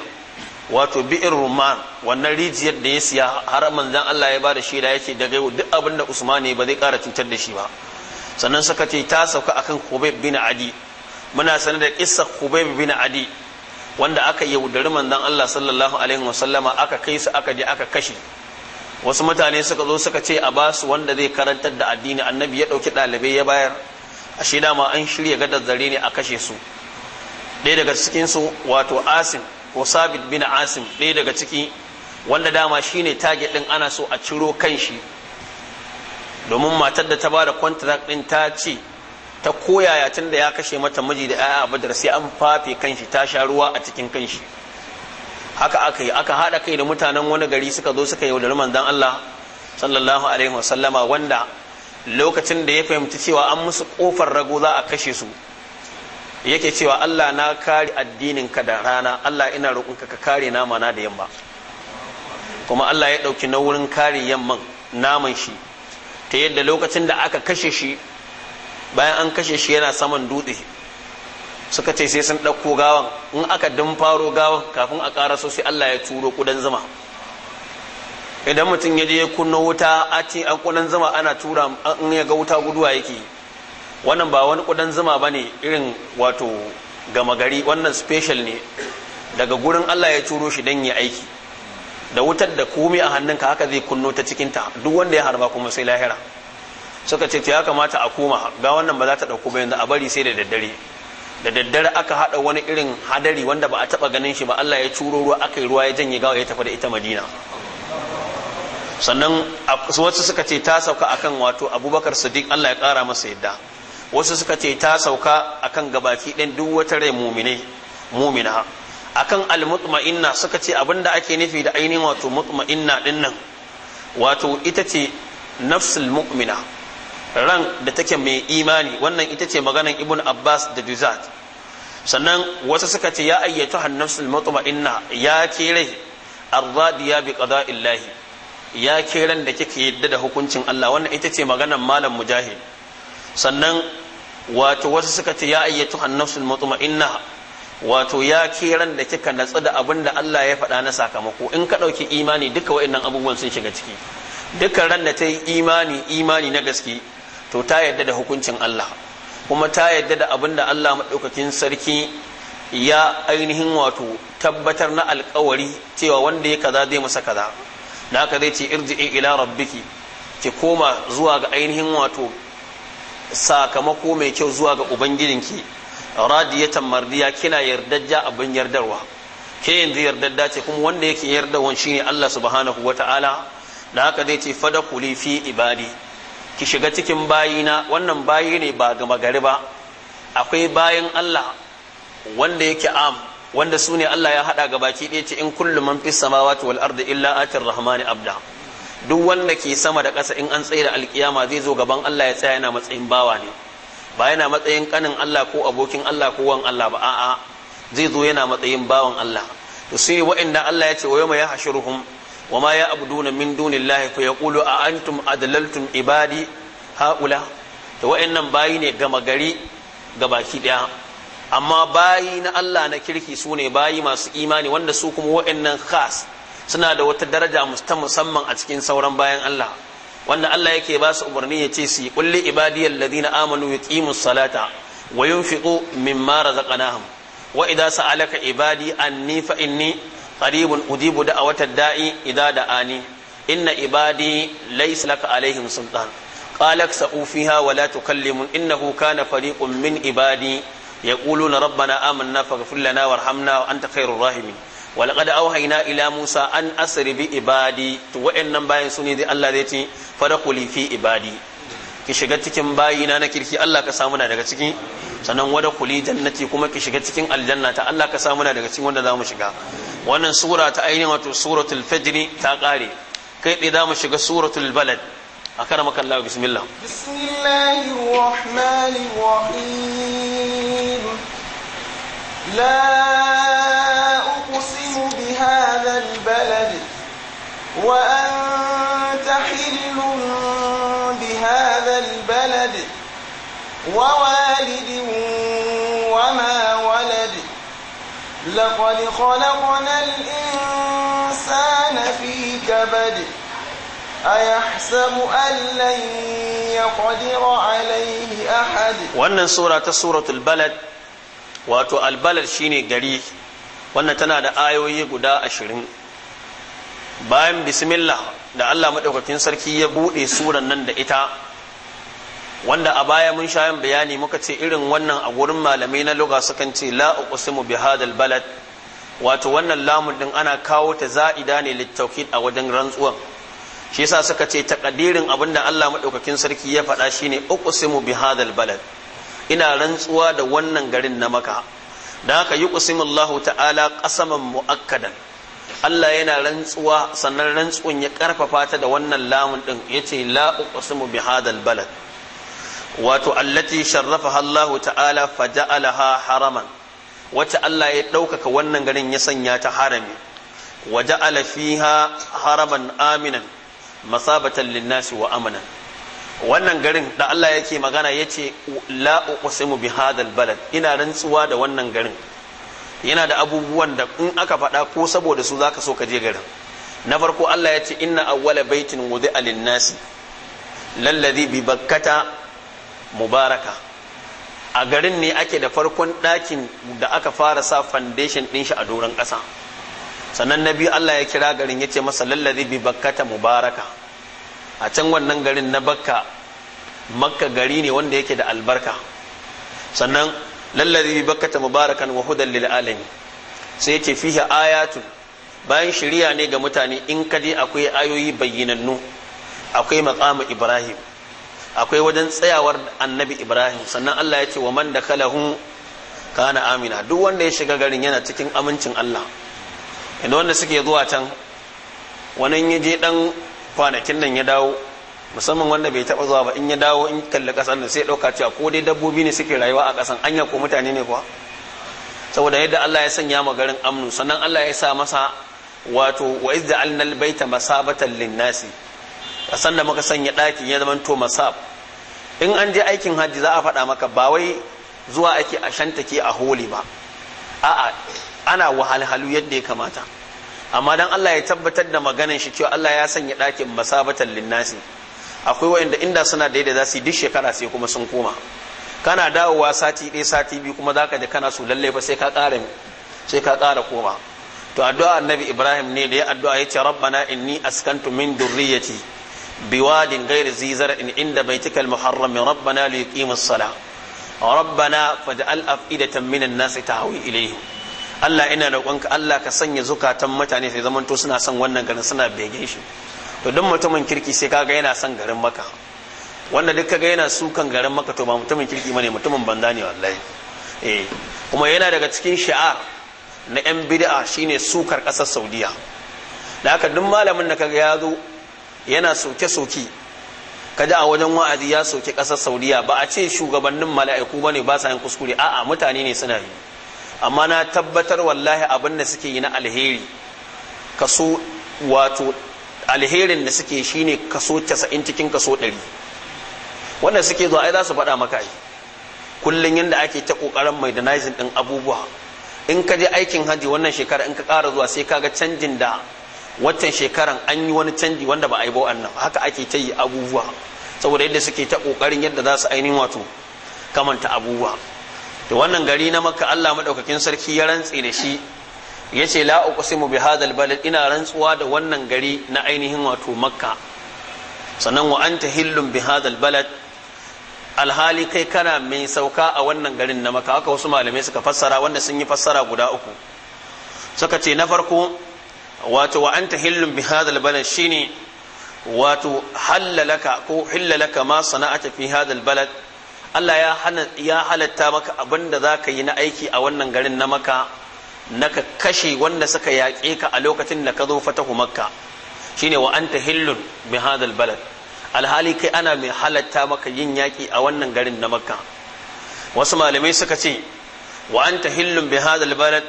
wato bi'ir ruman wannan rijiyar da ya siya har manzan Allah ya bada shaida yake da yau duk abin da Usman ne ba zai kara cutar da shi ba sannan suka ce ta sauka akan Khubayb bin Adi muna sanar da kissa Khubayb bin Adi wanda aka yaudari manzan Allah sallallahu alaihi wasallama aka kai su aka je aka kashe wasu mutane suka zo suka ce a basu wanda zai karantar da addini annabi ya dauki dalibai ya bayar a shi dama an shirya gadar zare ne a kashe su ɗaya daga su wato asin. ko sabit bin asim ɗaya daga ciki wanda dama shine target ɗin ana so a ciro kan shi domin matar da ta bada contract ɗin ta ce ta koyaya tun da ya kashe mata miji da yaya badar sai an fafe kan shi ta sha ruwa a cikin kan shi haka aka yi aka haɗa kai da mutanen wani gari suka zo suka yaudari manzon Allah sallallahu alaihi wasallama wanda lokacin da ya fahimci cewa an musu kofar rago za a kashe su yake cewa Allah na kare addininka da rana Allah ina roƙonka ka kare nama na da yamma kuma Allah ya ɗauki na wurin kare yamman naman shi ta yadda lokacin da aka kashe shi bayan an kashe shi yana saman dutse suka ce sai sun ɗauko gawan in aka faro gawan kafin a ƙara sai Allah ya turo kudan zuma idan mutum ya je ya kunna wuta a ce an kudan zuma ana tura in ya ga wuta guduwa yake wannan ba wani kudan zuma ba ne irin wato gama gari wannan special ne daga gurin Allah ya turo shi don ya aiki da wutar da kumi a hannunka haka zai kunno ta cikinta duk wanda ya harba kuma sai lahira suka ce ya kamata a koma ga wannan ba za ta ɗauko ba yanzu a bari sai da daddare da daddare aka haɗa wani irin hadari wanda ba a taɓa ganin shi ba Allah ya turo ruwa aka yi ruwa ya janye gawa ya tafi da ita madina sannan wasu suka ce ta sauka akan wato abubakar sadiq Allah ya kara masa yadda wasu suka ce ta sauka akan gabaki ɗin duk wata rai mumine mumina akan almutma'inna suka ce abinda ake nufi da ainihin wato mutma'inna ɗin nan wato ita ce nafsul mu'mina ran da take mai imani wannan ita ce maganan ibn abbas da juzat sannan wasu suka ce ya ayyatu nafsul mutma'inna ya ke rai arzadiya bi qada'illahi ya ke da kike yadda da hukuncin Allah wannan ita ce maganan malam mujahid sannan wato wasu suka ce ya ayyatu annafsul mutma'inna wato ya kiran da kika natsu da abinda Allah ya faɗa na sakamako in ka ɗauki imani duka wa'annan abubuwan sun shiga ciki dukkan ran da ta yi imani imani na gaske to ta yadda da hukuncin Allah kuma ta yadda da abin Allah maɗaukakin sarki ya ainihin wato tabbatar na alkawari cewa wanda ya kaza zai masa kaza da haka zai ce irji ila rabbiki ki koma zuwa ga ainihin wato sakamako mai kyau zuwa ga ubangijinki radiyatan mardiya kina yardajja abin yardarwa ke yanzu yardadda ce kuma wanda yake yardawan shine Allah subhanahu ta'ala da haka zai ce kuli fi ibadi ki shiga cikin bayina wannan bayi ne ba ga Magari ba akwai bayin Allah wanda yake am wanda su ne Allah ya haɗa ga baki ɗaya ce in kullum man fi samawati wal ardi illa atir rahmani abda duk wanda ke sama da ƙasa in an tsaye da alkiyama zai zo gaban Allah ya tsaya yana matsayin bawa ne ba yana matsayin kanin Allah ko abokin Allah ko wan Allah ba a'a zai zo yana matsayin bawan Allah to sai wa'inda Allah ya ce wa yawma yahshuruhum wa ma ya'buduna min dunillahi fa yaqulu a antum adlaltum ibadi haula to wa'innan bayi ne gama gari ga baki daya amma bayi na Allah na kirki sune bayi masu imani wanda su kuma wa'innan khas suna da wata daraja ta musamman a cikin sauran bayan Allah wanda Allah yake ba su umarni ya ce su yi kulli ibadiyal ladina amanu yuqimus salata wa yunfiqu mimma razaqnahum wa idza sa'alaka ibadi anni fa inni qaribun ujibu da'watad da'i idza da'ani inna ibadi laysa laka alaihim sultan qala sa'u fiha wa la tukallimun innahu kana fariqun min ibadi yaquluna rabbana amanna faghfir lana warhamna wa anta khairur walaqad auhaina ila musa an asri bi ibadi to wa'annan bayan su ne dai Allah zai ci fara fi ibadi ki shiga cikin bayina na kirki Allah ka samu na daga ciki sannan wada kuli jannati kuma ki shiga cikin aljanna ta Allah ka samu na daga cikin wanda za mu shiga wannan sura ta ainihin wato suratul fajr ta kare kai za mu shiga suratul balad a kan بسم الله بسم الله الرحمن الرحيم وأنت حل بهذا البلد ووالد وما ولد لقد خلقنا الإنسان في كبد أيحسب أن لن يقدر عليه أحد وأن سورة سورة البلد wato albalar shine gari wannan tana da ayoyi guda ashirin bayan bismillah da Allah maɗaukakin sarki ya buɗe suran nan da ita wanda a baya mun sha yin bayani muka ce irin wannan a gurin malamai na luga sukan ce la uqsimu bi hadal balad wato wannan lamun din ana kawo ta za'ida ne littaukid a wajen rantsuwan shi yasa suka ce takadirin abin da Allah maɗaukakin sarki ya faɗa shine uqsimu bi hadal balad ina rantsuwa da wannan garin na maka da haka yuqsimu Allah ta'ala qasaman muakkadan Allah yana rantsuwa sannan rantsuwan ya karfafa ta da wannan lamun din yace la uqsimu bi hadal balad wato allati sharrafaha Allah ta'ala faja'alaha haraman wacce Allah ya ɗaukaka wannan garin ya sanya ta harami wa fiha haraman aminan masabatan linnasi wa amanan wannan garin da Allah yake magana yace la uqsimu bi hadal balad ina rantsuwa da wannan garin yana da abubuwan da in aka faɗa ko saboda su zaka so ka je garin na farko Allah ya ce inna awwala baitin wudi alin nasi lalladhi bi bakkata mubaraka a garin ne ake da farkon ɗakin da aka fara sa foundation ɗin shi a doron kasa sannan na biyu Allah ya kira garin ya ce masa lalladhi bi bakkata mubaraka a can wannan garin na bakka makka gari ne wanda yake da albarka sannan lallazi bakkata mubarakan wa hudan lil alamin sai yake fihi ayatu bayan shari'a ne ga mutane in ka je akwai ayoyi bayyinannu akwai maqamu ibrahim akwai wajen tsayawar annabi ibrahim sannan Allah ya ce wa man dakalahu kana amina duk wanda ya shiga garin yana cikin amincin Allah inda wanda suke zuwa can wani yaje dan kwanakin nan ya dawo musamman wanda bai taba zuwa ba in ya dawo in kalli kasan da sai dauka cewa ko dai dabbobi ne suke rayuwa a kasan anya ko mutane ne kuwa saboda yadda Allah ya sanya ma garin amnu sannan Allah ya sa masa wato wa iz ja'alna baita masabatan lin-nasi kasan da muka sanya daki ya zama to masab in an je aikin hajji za a faɗa maka ba wai zuwa ake a shantake a holi ba a'a ana wahalhalu yadda ya kamata amma dan Allah ya tabbatar da maganan shi cewa Allah ya sanya ɗakin masabatan linnasi akwai waɗanda inda suna da yadda za su yi duk shekara sai kuma sun koma kana dawowa sati ɗaya sati biyu kuma za ka ji kana su lallai ba sai ka ƙara koma to addu'a annabi ibrahim ne da ya addu'a ya ce rabbana inni askantu min durriyati biwadin ghairi zizar in inda baitikal muharram rabbana li yuqimus salah rabbana faj'al af'idatan minan nas tahwi ilayhi Allah ina roƙonka Allah ka sanya zukatan mutane sai zamanto suna son wannan garin suna begen shi to don mutumin kirki sai kaga yana son garin maka wanda duk ga yana sukan garin maka to ba mutumin kirki ne mutumin banza ne wallahi eh, kuma yana daga cikin sha'ar na yan bid'a shine sukar kasar Saudiya da haka duk malamin da kaga ya zo yana soke soke kaji a wajen wa'azi ya soke kasar Saudiya ba a ce shugabannin mala'iku bane ba sa yin kuskure a'a mutane ne suna yi amma na tabbatar wallahi abin da suke yi na alheri kaso wato alherin da suke shine kaso 90 cikin kaso 100 wannan suke zuwa ai za su faɗa maka ai kullun yanda ake ta kokarin maidanizing din abubuwa in ka je aikin haji wannan shekara in ka kara zuwa sai kaga canjin da watan shekaran an yi wani canji wanda ba a yi ba wannan haka ake ta yi abubuwa saboda yadda suke ta kokarin yadda za su ainihin wato kamanta abubuwa to wannan gari na maka Allah madaukakin sarki ya rantse da shi yace la mu bi hadal albalad ina rantsuwa da wannan gari na ainihin wato makka sannan wa anta hillum bi hadal albalad alhali kai kana mai sauka a wannan garin na maka haka wasu malamai suka fassara wanda sun yi fassara guda uku suka ce na farko wato wa anta hillum bi hadal albalad shine wato hallalaka ko hillalaka ma sana'ata fi hadha albalad Allah ya halatta maka za ka yi na aiki a wannan garin na maka na ka kashe wanda suka yaƙe ka a lokacin da ka zo fatahu makka shine wa anta hillun bi hadal balad alhali kai ana mai halatta maka yin yaƙi a wannan garin na makka wasu malamai suka ce wa anta hillun bi hadal balad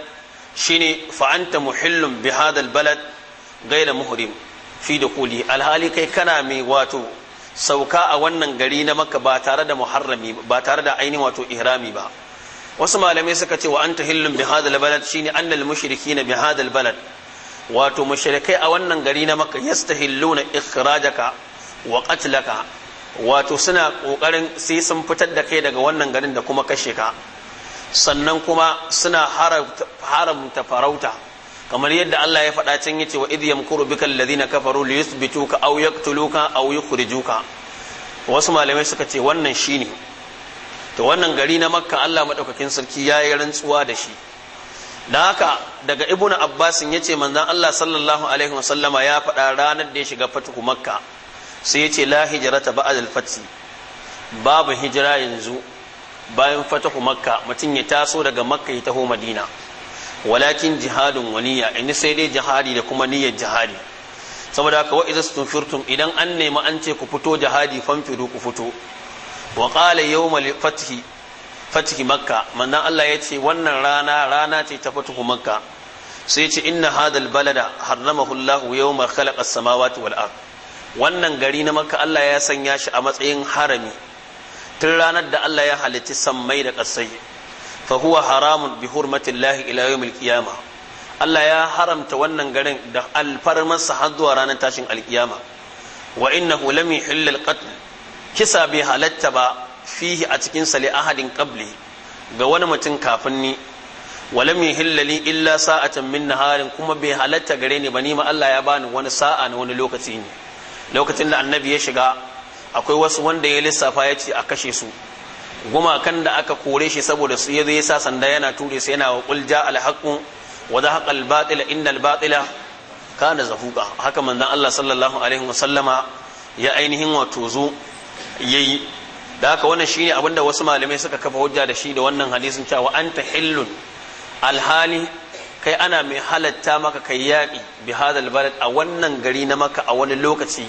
shine fa anta muhillun bi hadal balad gaira muhrim fi dukuli alhali kai kana mai wato sauka a wannan gari na makka ba tare da muharrami ba tare da ainihin wato ihrami ba wasu malamai suka ce wa ta hillum bi hadal balad shine annal na bi hadal balad wato mushrikai a wannan gari na maka yastahilluna ikhrajaka wa qatlaka wato suna kokarin sai sun fitar da kai daga wannan garin da kuma kashe ka sannan kuma suna haramta farauta kamar yadda Allah ya faɗa can yace wa idh yamkuru bika alladhina kafaru liyuthbituka aw yaqtuluka aw yukhrijuka wasu malamai suka ce wannan shine to wannan gari na makka Allah madaukakin sarki ya yi rantsuwa da shi da haka daga ibnu abbasin ya ce manzan Allah sallallahu alaihi wasallama ya faɗa ranar da ya shiga fatuhu makka sai yace la hijrata ba'dal fati babu hijira yanzu bayan fatuhu makka mutum ya taso daga makka ya taho madina walakin jihadun waniya in sai dai jihadi da kuma niyyar jihadi saboda haka wa idza idan an nemi an ce ku fito jihadi famfiru ku fito wa qala yawmal fathi makka mannan Allah ya ce wannan rana rana ce ta fatuhu makka sai ce inna hadal balada harnama Hullahu yawma khalaqa as-samawati wal wannan gari na makka Allah ya sanya shi a matsayin harami tun ranar da Allah ya halitti sammai da ƙasai fa huwa haramun bi hurmatillahi ila yawmil kiyama Allah ya haramta wannan garin da alfarmarsa har zuwa ranar tashin alkiyama wa innahu lam yuhillal qatl kisa bai halatta ba fihi a cikin sali ahadin kabli ga wani mutum kafin ni wala mai hillali illa sa'atan min harin kuma bai halatta gare ni ba ni ma Allah ya bani wani sa'a na wani lokaci ne lokacin da annabi ya shiga akwai wasu wanda ya lissafa ya ce a kashe su gumakan da aka kore shi saboda su ya sa sanda yana ture su yana wa kulja alhaqu wa zahaqa albatila innal batila kana zahuqa haka manzon Allah sallallahu alaihi Wasallama ya ainihin wato zo yayi da haka wannan shine abinda wasu malamai suka kafa hujja da shi da wannan hadisin cewa anta hillun alhali kai ana mai halatta maka kai yaƙi bi hadal balad a wannan gari na maka a wani lokaci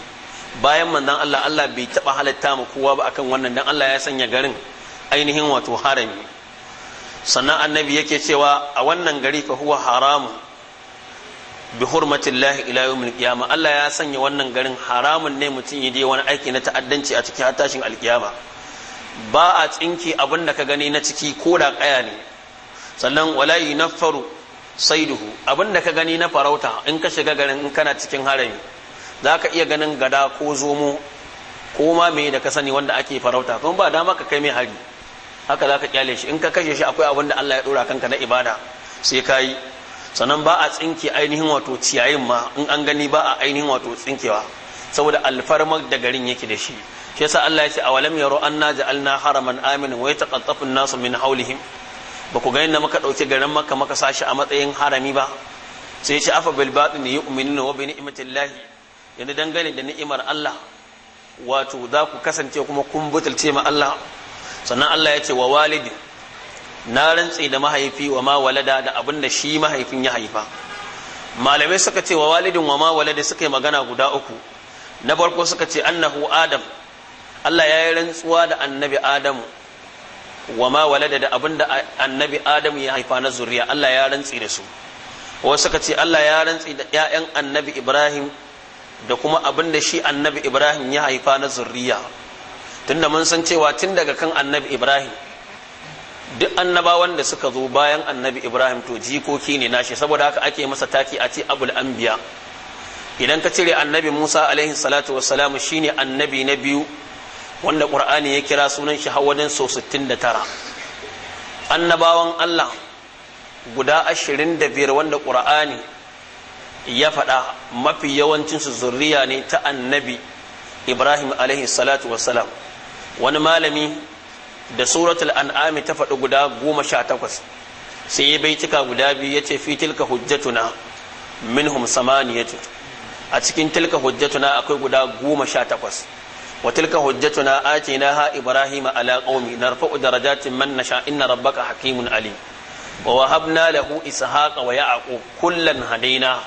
bayan manzon Allah Allah bai taba halatta mu kowa ba akan wannan dan Allah ya sanya garin ainihin wato harami sannan annabi yake cewa a wannan gari fa huwa haramun bi lahi ila yawmil qiyama Allah ya sanya wannan garin haramun ne mutum ya je wani aiki na ta'addanci a cikin tashin alkiyama ba a tsinke abin da ka gani na ciki ko da kaya ne sannan wala yunaffaru sayduhu abin da ka gani na farauta in ka shiga garin in kana cikin harami za iya ganin gada ko zomo ko ma me da ka sani wanda ake farauta kuma ba dama ka kai mai hari haka zaka ka kyale shi in ka kashe shi akwai abin da Allah ya dora kanka na ibada sai ka sannan ba a tsinke ainihin wato ciyayin ma in an gani ba a ainihin wato tsinkewa saboda alfarmar da garin yake da shi shi yasa Allah ya ce awalam yaro anna ja'alna haraman aminin wa yataqattafu an-nasu min hawlihim ba ku ga yadda muka dauke garin maka maka sashi a matsayin harami ba sai ya ce afa bil batin yu'minuna wa bi ni'matillahi yanda dangane da ni'imar Allah wato za ku kasance kuma kun butulce ma Allah sannan Allah ya ce wa walidi. na rantse da mahaifi wa ma walada da abin da shi mahaifin ya haifa malamai suka ce wa walidin wa ma walada suka yi magana guda uku na farko suka ce annahu adam Allah ya yi rantsuwa da annabi adamu wa ma walada da abin da annabi adamu ya haifa na zuriya Allah ya rantsi da su wasu suka ce Allah ya rantsi da ƴaƴan annabi Ibrahim da kuma abin da shi annabi Ibrahim ya haifa na zuriya tunda mun san cewa tun daga kan annabi Ibrahim duk annabawan da suka zo bayan annabi ibrahim to jikoki ne nashi saboda haka ake masa taki a ce abul anbiya idan ka cire annabi musa alaihi salatu wassalamu shine annabi na biyu wanda qur'ani ya kira sunan shi hawadin so 69 annabawan allah guda 25 wanda qur'ani ya faɗa mafi yawancin su zuriya ne ta annabi ibrahim alaihi salatu wassalam wani malami da suratul an'ami ta faɗi guda goma sha takwas sai ya bai cika guda biyu ya ce fi tilka hujjatuna minhum samaniyatu a cikin tilka hujjatuna akwai guda goma sha takwas wa tilka hujjatuna na ha ibrahim ala qaumi da darajatin man nasha inna rabbaka hakimun Ali. wa wahabna lahu ishaqa wa ya'qub kullan hadaina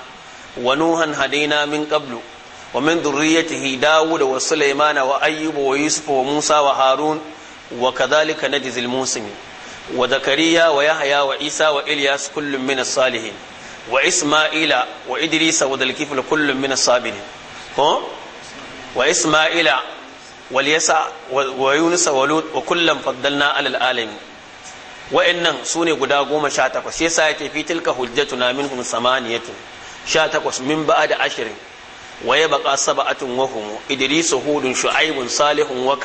wa nuhan hadaina min qablu wa ذريته wa وسليمان wa Musa wa Harun. wa kadhalika na dizil wa zakariya wa yahya wa isa wa ilyas kullum min salihin wa isma'ila wa idrisa wa kullum min sabirin wa isma'ila wa yunus wa lut wa kullum faddalna alal alamin wa'annan sune guda goma sha takwas sai sa yake fi tilka hujjatuna minhum samaniyatu sha takwas min ashirin wa yabqa sab'atun wa idrisu hudun shu'aibun salihun wa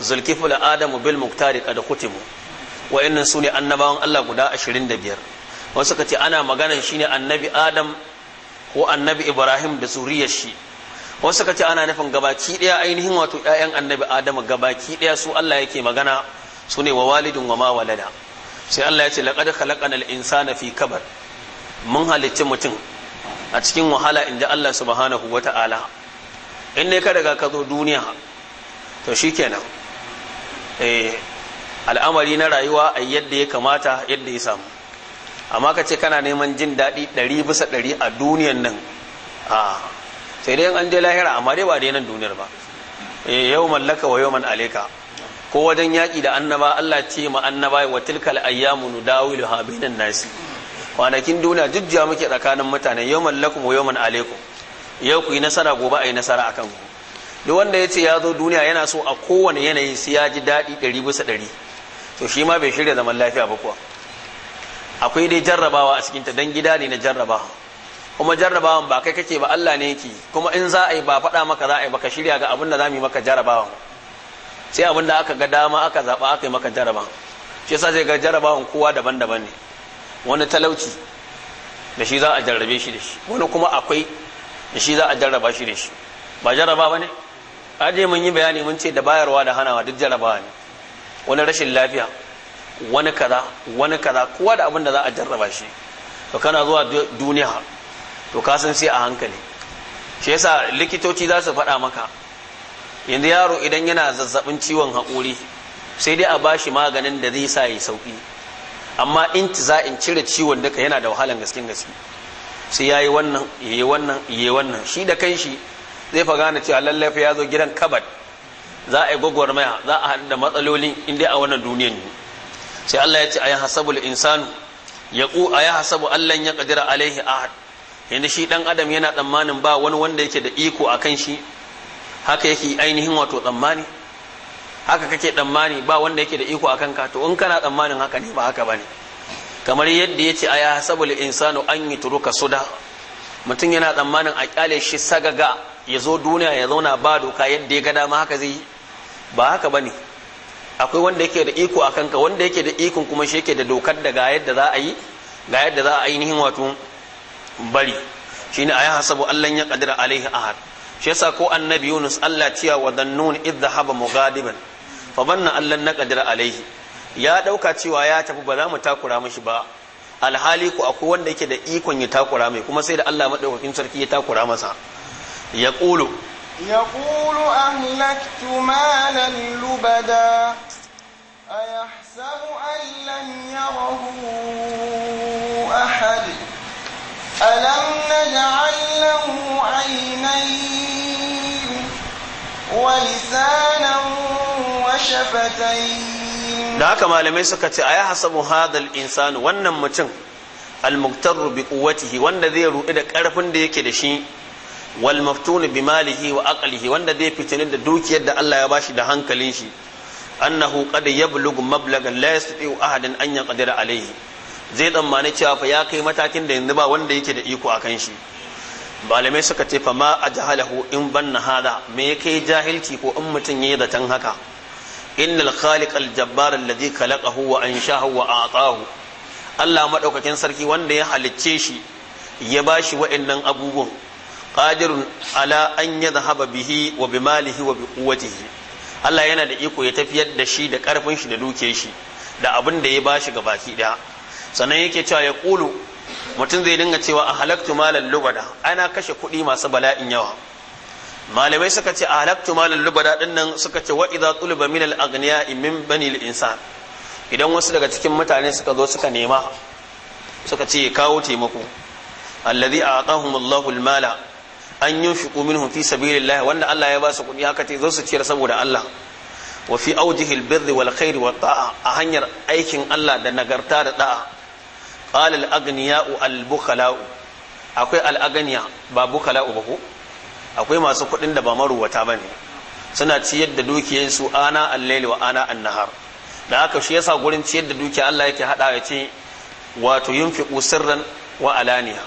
zulkiful adamu bil muktari da kutibu wa'annan sune annabawan Allah guda 25 wasu ce ana maganan ne annabi adam ko annabi ibrahim da zuriyar shi wasu ce ana nufin gabaki daya ainihin wato ƴaƴan annabi adamu gabaki daya su Allah yake magana sune wa walidin wa ma walada sai Allah ya ce laqad khalaqana al-insana fi kabar mun halicci mutum a cikin wahala inda Allah subhanahu wata'ala in ne ka daga ka zo duniya to shikenan Eh, al'amari na rayuwa a yadda ya kamata yadda ya samu amma ka ce kana neman jin daɗi ɗari bisa ɗari a duniyan nan a sai dai an je lahira amma dai ba dai nan duniyar ba eh, yau mallaka wa yau man aleka ko wajen yaƙi da annaba Allah ce ma annaba wa tilkal ayyamu nudawilu ha bainan nasi kwanakin duniya jujjuya muke tsakanin mutane yau mallakum wa yau man aleku. yau ku yi nasara gobe a yi nasara akan ku duk wanda ya ce ya zo duniya yana so a kowane yanayi sai ya ji daɗi ɗari bisa ɗari to shi ma bai shirya zaman lafiya ba kuwa akwai dai jarrabawa a cikin ta don gida ne na jarrabawa kuma jarrabawan ba kai kake ba Allah ne yake kuma in za a yi ba faɗa maka za a yi ba ka shirya ga abin da za mu yi maka jarrabawan sai abin da aka ga dama aka zaɓa aka yi maka jarrabawan shi yasa zai ga jarrabawan kowa daban-daban ne wani talauci da shi za a jarrabe shi da shi wani kuma akwai da shi za a jarraba shi da shi ba jarraba ba ne aje mun yi bayani mun ce da bayarwa da hanawa duk jarabawa ne wani rashin lafiya wani kaza wani kaza kowa da abin da za a jarraba shi to kana zuwa duniya to ka san sai a hankali shi yasa likitoci za su faɗa maka yanzu yaro idan yana zazzabin ciwon haƙuri sai dai a bashi maganin da zai sa ya sauki amma in za in cire ciwon duka yana da wahalan gaskin gaske sai ya yi wannan yi wannan yi wannan shi da kanshi zai fa gane cewa lallai fa ya zo gidan kabad za a yi gwagwarmaya za a haɗu da matsaloli dai a wannan duniyan ne sai Allah ya ce a yi hasabul insanu ya ku a yi hasabu Allah ya kadira alaihi ahad yanzu shi dan adam yana tsammanin ba wani wanda yake da iko a kan shi haka yake ainihin wato tsammani haka kake tsammani ba wanda yake da iko a kanka to in kana tsammanin haka ne ba haka bane kamar yadda ya ce a yi hasabul insanu an yi turuka suda mutum yana tsammanin a kyale shi sagaga ya zo duniya ya zauna ba doka yadda ya ga dama haka zai ba haka ne akwai wanda yake da iko a kanka wanda yake da ikon kuma shi yake da dokar da ga yadda za a yi ga yadda za a ainihin wato bari shine ayi hasabu Allah ya kadira alaihi ahad shi yasa ko annabi Yunus Allah ciya wa dhannun idh haba mughadiban fa banna Allah na kadira alaihi ya dauka cewa ya tafi ba za mu takura mashi ba alhali ko akwai wanda yake da ikon ya takura mai kuma sai da Allah madaukakin sarki ya takura masa Yaƙulu. ƙulu ya ƙulu an laktu malan lubada a ya samu allon yawahu a hari alam na da allon ainihi walisanan washefatai da haka malamai suka ce a ya hasabu hadal insanu wannan mutum almuktar rubi kuwatihi wanda zai ruɗi da ƙarfin da yake da shi wal maftun bi malihi wa aqlihi wanda zai fitinin da dukiyar da Allah ya bashi da hankalin shi annahu qad yablughu mablagan la ahadin ahadan an yaqdira alayhi zai tsammanin cewa fa ya kai matakin da yanzu ba wanda yake da iko akan shi malamai suka ce fa ma ajhalahu in banna hada me kai jahilci ko in mutun yayi tan haka innal khaliq al jabbar alladhi khalaqahu wa anshahu wa a'tahu Allah madaukakin sarki wanda ya halicce shi ya bashi wa'annan abubuwan qadirun ala an haba bihi wa malihi wa biquwwatihi Allah yana da iko ya tafiyar da shi da karfin shi da dukiyar shi da abin da ya bashi baki daya sannan yake cewa ya kulu. mutum zai dinga cewa a halaktu malan lubada ana kashe kuɗi masu bala'in yawa malamai suka ce a halaktu malan lubada din nan suka ce wa idza tuliba min al aghniya min bani al insan idan wasu daga cikin mutane suka zo suka nema suka ce kawo taimako alladhi a'tahum Allahu al mala an yunfiqu minhum fi sabilillah wanda Allah ya ba su kuɗi haka te zo su ciyar saboda Allah wa fi awjihil birri wal khairi wa ta'a a hanyar aikin Allah da nagarta da da'a qala al aghniya'u al akwai al aghniya ba bukhala'u ba ko akwai masu kuɗin da ba maruwata bane suna ciyar da dukiyarsu ana al-layli wa ana an-nahar da haka shi yasa gurin ciyar da dukiya Allah yake hada ya ce wato yunfiqu sirran wa alaniya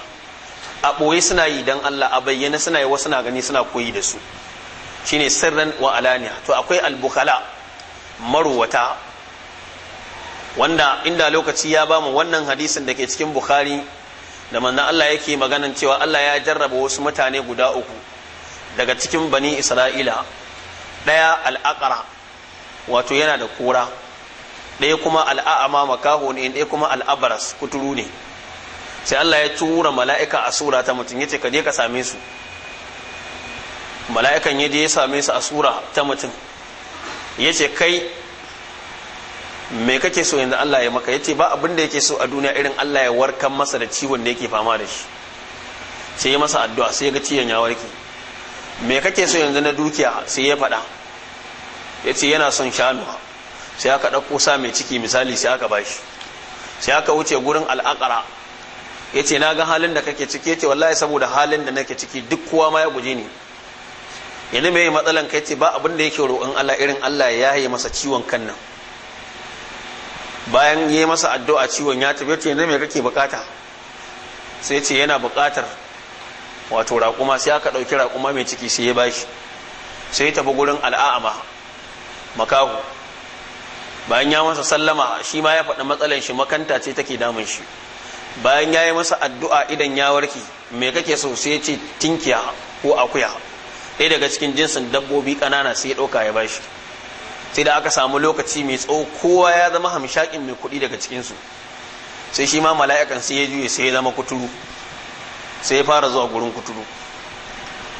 a ɓoye suna yi dan Allah a bayyana suna yi wasu na gani suna koyi da su shine sirrin wa alaniya to akwai albukala maruwata. wanda inda lokaci ya bamu wannan hadisin da ke cikin bukhari da manzon Allah yake maganan cewa Allah ya jarraba wasu mutane guda uku daga cikin bani isra'ila ɗaya al'akara wato yana da kura ɗaya kuma al'a'ama makaho ne ɗaya kuma al'abaras kuturu ne sai Allah ya tura mala'ika a sura ta mutum yace ka je ka same su mala'ikan ya je ya same su a sura ta mutum yace kai me kake so yanzu Allah ya maka yace ba abin da yake so a duniya irin Allah ya warkan masa da ciwon da yake fama da shi sai ya masa addu'a sai ya ga ciwon ya warke me kake so yanzu na dukiya sai ya faɗa yace yana son shanuwa sai aka ɗauko sa mai ciki misali sai aka bashi sai aka wuce gurin al'akara yace na ga halin da kake ciki yace wallahi saboda halin da nake ciki duk kowa ma ya guje ni yanzu mai matsalan kai ce ba abin da yake roƙon Allah irin Allah ya yi masa ciwon kan nan bayan yi masa addu'a ciwon ya tafi yace mai kake bukata sai ce yana bukatar wato raƙuma sai aka ɗauki raƙuma mai ciki sai ya bashi sai ya tafi gurin al'a'ama makahu bayan ya masa sallama shi ma ya faɗi matsalan shi makanta ce take damun shi bayan ya yi masa addu'a idan ya warke mai kake so sai ya ce tinkiya ko akuya ɗaya daga cikin jinsin dabbobi ƙanana sai ya ɗauka ya bashi sai da aka samu lokaci mai tsawo kowa ya zama hamshakin mai kuɗi daga cikinsu sai shi ma mala'ikan sai ya juye sai ya zama kuturu sai ya fara zuwa gurin kuturu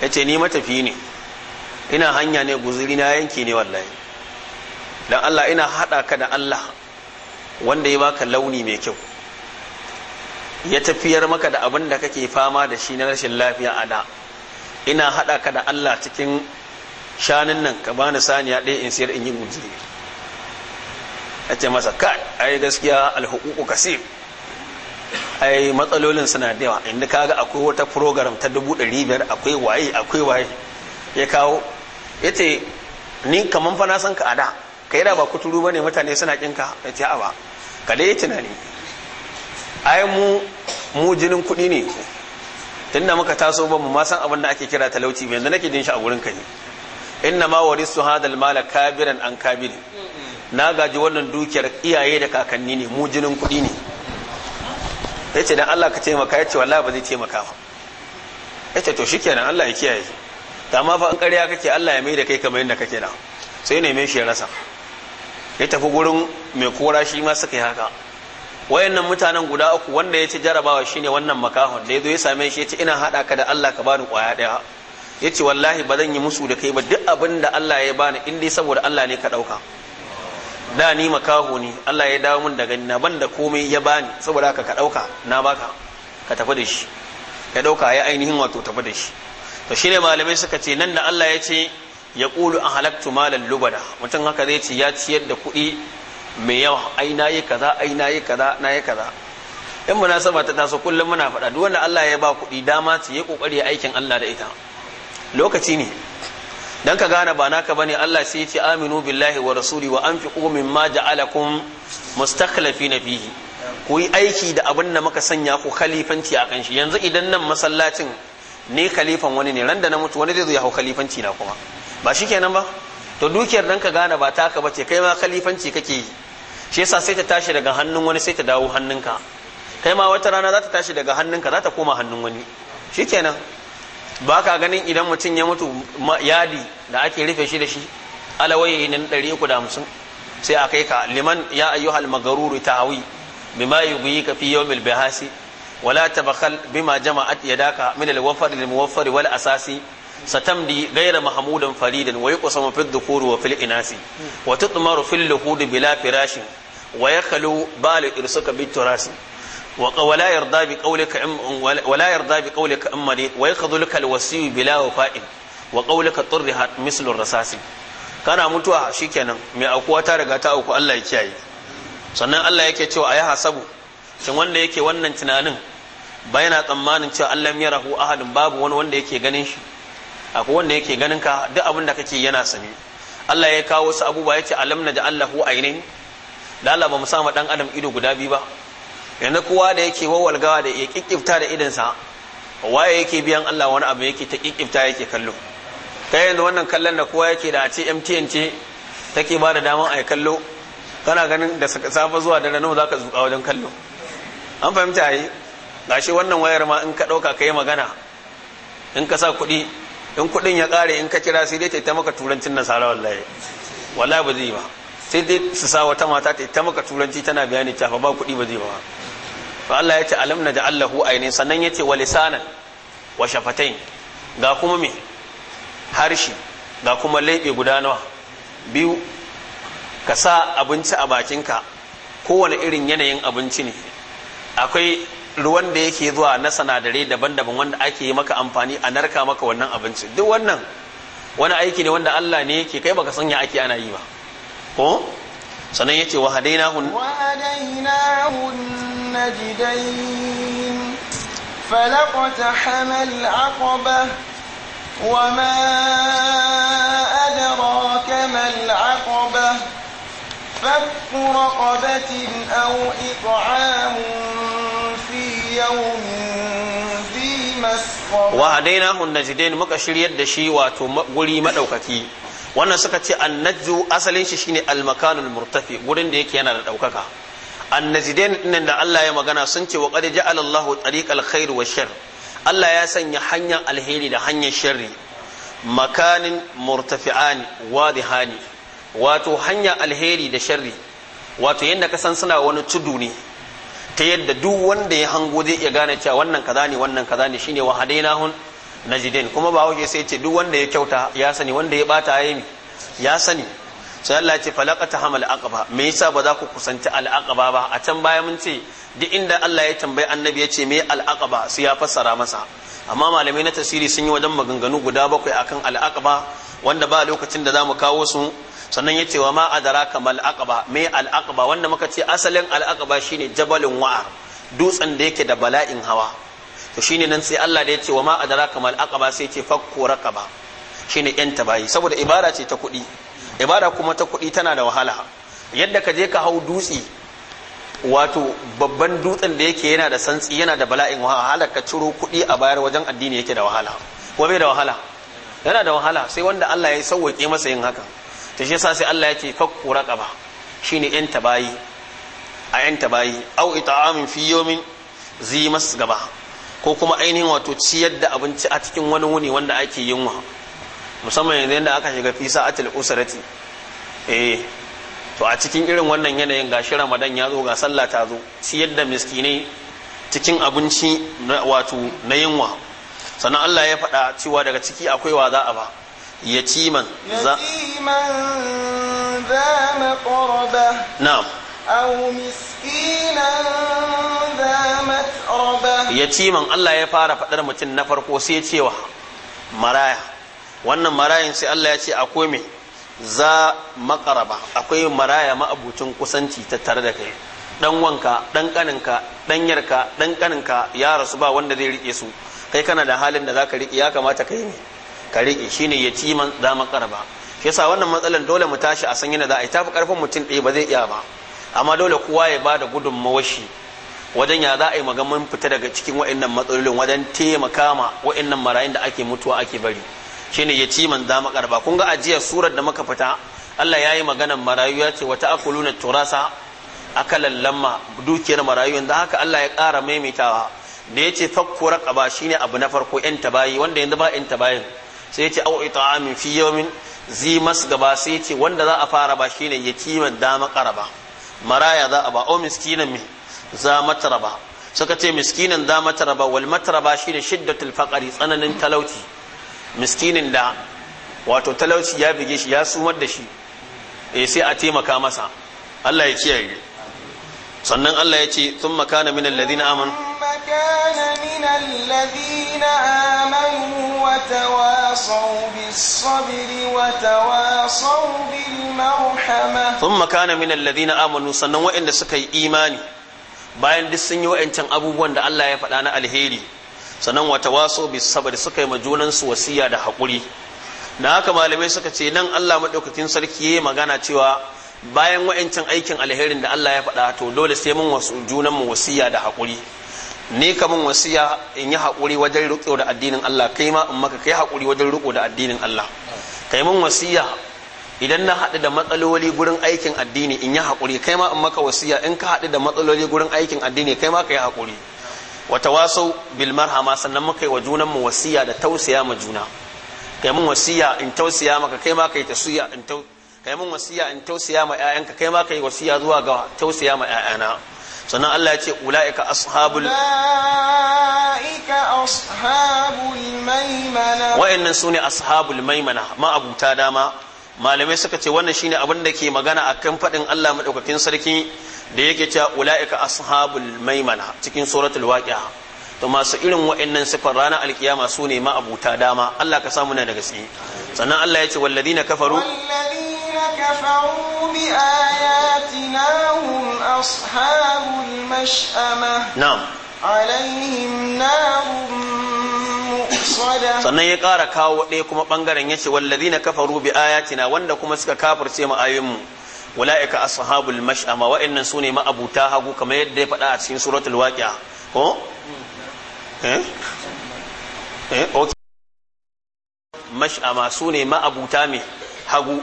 ya ce ni matafi ne ina hanya ne guzuri na yanki ne wallahi don Allah ina haɗa ka da Allah wanda ya baka launi mai kyau ya tafiyar maka da abin da kake fama da shi na rashin lafiya a da ina haɗa ka da Allah cikin shanin nan ka bani saniya ɗaya in sayar in yi guzuri a ce masa kai ai gaskiya alhukuku kasif ai matsalolin suna da inda kaga akwai wata program ta dubu ɗari biyar akwai waye akwai waye ya kawo ya ce ni kamar fa na ka a da kai da ba kuturu ba ne mutane suna ƙinka ya ce a ba ka dai tunani ai mu mu jinin kuɗi ne tunda muka taso ba mu ma san abin da ake kira talauci yanzu nake jin shi a gurin ka ne inna ma warisu hadal mala kabiran an kabiri na gaji wannan dukiyar iyaye da kakanni ne mu jinin kuɗi ne yace ce dan Allah ka taimaka ya ce wallahi ba zai taimaka ba yace to shikenan Allah ya kiyaye ta ma fa an ƙarya kake Allah ya mai da kai kamar yadda kake da sai ne mai shi ya rasa ya tafi gurin mai kora shi ma suka yi haka wayannan mutanen guda uku wanda ya ci jarabawa shine wannan makahon da ya zo ya same shi ya ina haɗa ka da Allah ka bani kwaya daya ya ce wallahi ba zan yi musu da kai ba duk abin da Allah ya bani in dai saboda Allah ne ka ɗauka da ni makaho ne Allah ya dawo min da ni na banda komai ya bani saboda haka ka ɗauka na baka ka tafi da shi ya ɗauka ya ainihin wato tafi da shi to shine malamai suka ce nan da Allah ya ce ya ƙulu a halaktu malan lubada mutum haka zai ce ya ciyar da kuɗi mai yawa ai na yi kaza ai na yi kaza na yi kaza in munasaba ta taso kullum muna faɗa duk wanda Allah ya ba kuɗi dama su yi kokari aikin Allah da ita lokaci ne dan ka gane ba naka bane Allah sai ya ce aminu billahi wa rasuli wa anfiqu mimma ja'alakum mustakhlifina fihi ku yi aiki da abin da muka sanya ku khalifanci a kanshi shi yanzu idan nan masallacin ne khalifan wani ne ran na mutu wani zai zo ya hau khalifanci na kuma ba shikenan ba to dukiyar dan ka gane ba taka bace kai ma khalifanci kake yi shi yasa sai ta tashi daga hannun wani sai ta dawo hannunka kai ma wata rana za ta tashi daga hannunka za ta koma hannun wani shikenan ba ka ganin idan mutum ya mutu yadi da ake rufe shi da shi alawaye nan ɗari uku da hamsin sai a kai ka liman ya ayyuhal magaruru ta hawi bima yughyi ka fi yawmil bihasi wala tabakhal bima jama'at yadaka min al-wafar lil-muwaffar wal asasi ستمضي غير محمود فريدا ويقسم wa fil inasi wa وتطمر في اللحود بلا فراش wa yakhlu bal irsuka turasi ولا يرضى بقولك ka ولا يرضى بقولك امني ويخذ لك الوسي بلا وفاء وقولك طرها مثل الرصاص kana mutuwa kenan mai aukuwa ta riga ta auku Allah ya kiyaye sannan Allah yake cewa ayi hasabu shin wanda yake wannan tunanin ba yana tsammanin cewa Allah ya rahu ahadin babu wani wanda yake ganin shi akwai wanda yake ganin ka duk abin da kake yana sani Allah ya kawo wasu abubuwa yake alam na da Allahu ainihi da Allah ba mu dan adam ido guda biyu ba yanzu kowa da yake wawalgawa da ya kikkifta da sa waye yake biyan Allah wani abu yake ta kikkifta yake kallo ta yanzu wannan kallon da kowa yake da a ce MTN ce take ba da daman a kallo kana ganin da safa zuwa da nawa zaka zuka wajen kallo an fahimta yi gashi wannan wayar ma in ka ɗauka ka magana in ka sa kuɗi in kuɗin ya ƙare in ka kira sai dai ta maka turancin nasara wallahi wallahi ba zai ba sai dai su sa wata mata ta ita maka turanci tana bayani ta ba kuɗi ba zai ba fa Allah ya ce alam na hu ainin sannan ya ce wa lisanan wa shafatain ga kuma me harshe ga kuma laibe guda nawa biyu ka sa abinci a bakinka kowane irin yanayin abinci ne akwai ruwan da yake zuwa na sanadarai daban-daban wanda ake yi maka amfani a narka maka wannan abinci duk wannan wani aiki ne wanda Allah ne yake kai baka sanya ake ana yi ba ko sannan وهديناهن wa hadainahun wa hadainahun العقبة وما أدراك ما العقبة فك رقبة أو إطعام في يوم ذي مسقبة وهديناهن نجدين مكشر يد شي واتو guri madaukaki wannan suka ce annaju asalin shi shine almakanul murtafi gurin da yake yana da daukaka annajidain dinnan da Allah ya magana sun ce wa qad ja'ala Allahu tariqal khair wa shar Allah ya sanya hanyar alheri da hanyar sharri makanin murtafi'an wadihani wato hanya alheri da sharri wato yadda ka san suna wani tudu ne ta yadda duk wanda ya hango zai iya gane cewa wannan kaza ne wannan kaza ne shine wa hun najidin kuma ba wuce sai ce duk wanda ya kyauta ya sani wanda ya bata ya sani sai Allah ya ce falaqata hamal aqaba me yasa ba za ku kusanci al aqaba ba a can baya mun ce duk inda Allah ya tambayi annabi ya ce me al aqaba su ya fassara masa amma malamai na tasiri sun yi wajen maganganu guda bakwai akan al aqaba wanda ba lokacin da zamu kawo su sannan ya ce wa ma adraka mal aqaba me al aqaba wanda muka ce asalin al aqaba shine jabalin wa'ar dutsen da yake da bala'in hawa to shine nan sai Allah da ya ce wa ma adraka mal aqaba sai ce fakku raqaba shine yan tabayi saboda ibada ce ta kuɗi ibada kuma ta kuɗi tana da wahala yadda ka je ka hau dutse wato babban dutsen da yake yana da santsi yana da bala'in wahala ka ciro kuɗi a bayar wajen addini yake da wahala ko bai da wahala yana da wahala sai wanda Allah ya sauwake masa yin haka ta shi yasa sai Allah ya ce fakku raqaba shine yan tabayi a yan tabayi au ita'amin fi yawmin zi gaba ko kuma ainihin wato ciyar da abinci a cikin wani wuni wanda ake yunwa musamman yanzu yadda aka shiga fisa a usrati eh to a cikin irin wannan yanayin gashi ramadan ya zo ga sallah ta zo ciyar da miskinai cikin abinci wato na yunwa sannan Allah ya faɗa cewa daga ciki akwai wa za a ba yatiman za yatiman za na'am أو Allah ya fara faɗar mutum na farko sai ya قوسي تيوه مرايا wannan marayan sai Allah ya ce a kome za makaraba akwai maraya ma'abucin kusanci tare da kai dan wanka dan kaninka dan yarka dan kaninka ya rasu ba wanda zai rike su kai kana da halin da zaka rike ya kamata kai ne ka rike shine yatiman za makaraba shi yasa wannan matsalan dole mu tashi a san yana da ai tafi karfin mutum ɗaya ba zai iya ba amma dole kowa ya ba da gudun shi wajen ya za a yi magamin fita daga cikin wa'annan matsalolin wajen taimaka ma wa'annan marayun da ake mutuwa ake bari shine ya ci man dama karba kun ga ajiyar surar da muka fita Allah ya yi maganan marayu ya ce wata akuluna turasa akalan lamma dukiyar marayu yanzu haka Allah ya kara maimaitawa da ya ce fakku shi shine abu na farko yan tabayi wanda yanzu ba yan tabayin sai ya ce au ita'amin fi yawmin zi gaba sai ce wanda za a fara ba shine yatiman zama karba maraya za a ba o miskinan mi za mataraba suka ce miskinan za mataraba wal mataraba shi ne shidda faqari tsananin talauci miskinin da wato talauci ya bige shi ya sumar da shi eh sai a taimaka masa Allah ya kiyaye sannan Allah ya ce sun makana min alladhina amanu makana amanu sun makana min alladhina amanu sannan waɗanda suka yi imani bayan duk sun yi wa'ancan abubuwan da Allah ya faɗa na alheri sannan wata waso bi sabri suka yi majunan su wasiya da haƙuri da haka malamai suka ce nan Allah maɗaukakin sarki yayi magana cewa bayan wa'ancin aikin alherin da Allah ya faɗa to dole sai mun wasu junanmu wasiya da haƙuri ni ka mun wasiya in yi haƙuri wajen riƙo da addinin Allah kai ma in maka kai haƙuri wajen riƙo da addinin Allah kai mun wasiya idan na haɗu da matsaloli gurin aikin addini in yi haƙuri kai ma in maka wasiya in ka haɗu da matsaloli gurin aikin addini kai ma ka yi haƙuri wata wasau bil marhama sannan muka yi wa junanmu wasiya da tausaya ma juna kai mun wasiya in tausaya maka kai ma kai tasiya in tausaya kai mun wasiya in tausaya ma 'ya'yanka kai ma kai wasiya zuwa ga tausaya ma 'ya'yana sannan Allah ya ce ulaika ashabul ulaika ashabul maimana sune ashabul maimana ma abuta dama malamai suka ce wannan shine abin da ke magana akan fadin Allah madaukakin sarki da yake cewa ulaika ashabul maimana cikin suratul waqi'a to masu irin wa'annan sifar ranar alkiyama sune ma abuta dama Allah ka samu na daga gaske sannan Allah ya ce walladina kafaru كفروا بآياتنا هم أصحاب المشأمة نعم عليهم نار sannan ya ƙara kawo ɗaya kuma ɓangaren ya ce wallazi na kafaru bi ayatina wanda kuma suka kafirce mu ayoyinmu wala'ika ashabul mash'ama wa'annan su ne ma'abuta hagu kamar yadda ya faɗa a cikin suratul waqi'a ko eh eh okay mash'ama su ne ma'abuta me hagu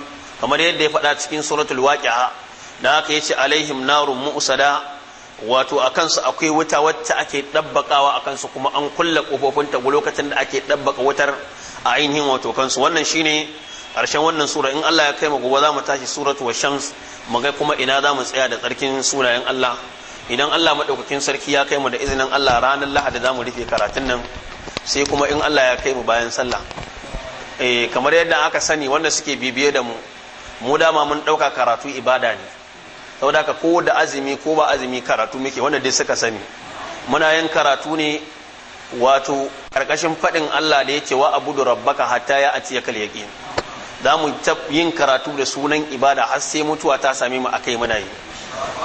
kamar yadda ya faɗa cikin suratul waqi'a da haka yace alaihim narun mu'sada wato a kansu akwai wuta wacce ake dabbakawa a kansu kuma an kulle ƙofofin ta lokacin da ake ɗabbaƙa wutar a ainihin wato kansu wannan shine karshen wannan sura in Allah ya kai mu gobe za mu tashi suratu shams mu ga kuma ina za mu tsaya da tsarkin sunayen Allah idan Allah madaukakin sarki ya kai mu da izinin Allah ranar Lahadi za mu rufe karatun nan sai kuma in Allah ya kai mu bayan sallah eh kamar yadda aka sani wanda suke bibiye da mu mu dama mun ɗauka karatu ibada ne saboda haka ko da azumi ko ba azumi karatu muke wanda dai suka sani muna yin karatu ne wato karkashin faɗin Allah da yake wa abudu rabbaka hatta ya atiya kal yaqin za mu yin karatu da sunan ibada har sai mutuwa ta same mu akai muna yi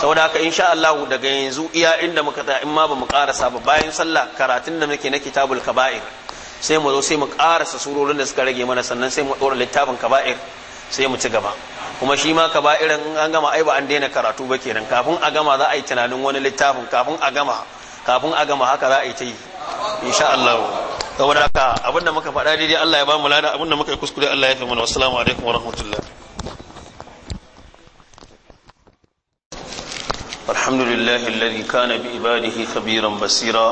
saboda haka insha Allah daga yanzu iya inda muka tsaya in ma bamu karasa ba bayan sallah karatun da muke na kitabul kaba'ir sai mu zo sai mu karasa surorin da suka rage mana sannan sai mu dora littafin kaba'ir sai mu ci gaba kuma shi ma ka ba irin an gama ai ba an daina karatu ba kenan kafin a gama za a yi tunanin wani littafin kafin a gama kafin a gama haka za a yi ta yi insha Allah saboda haka da muka faɗa daidai Allah ya ba mu lada da muka yi kuskure Allah ya fi mana wassalamu alaikum wa rahmatullah الحمد لله الذي كان بإباده خبيرا بصيرا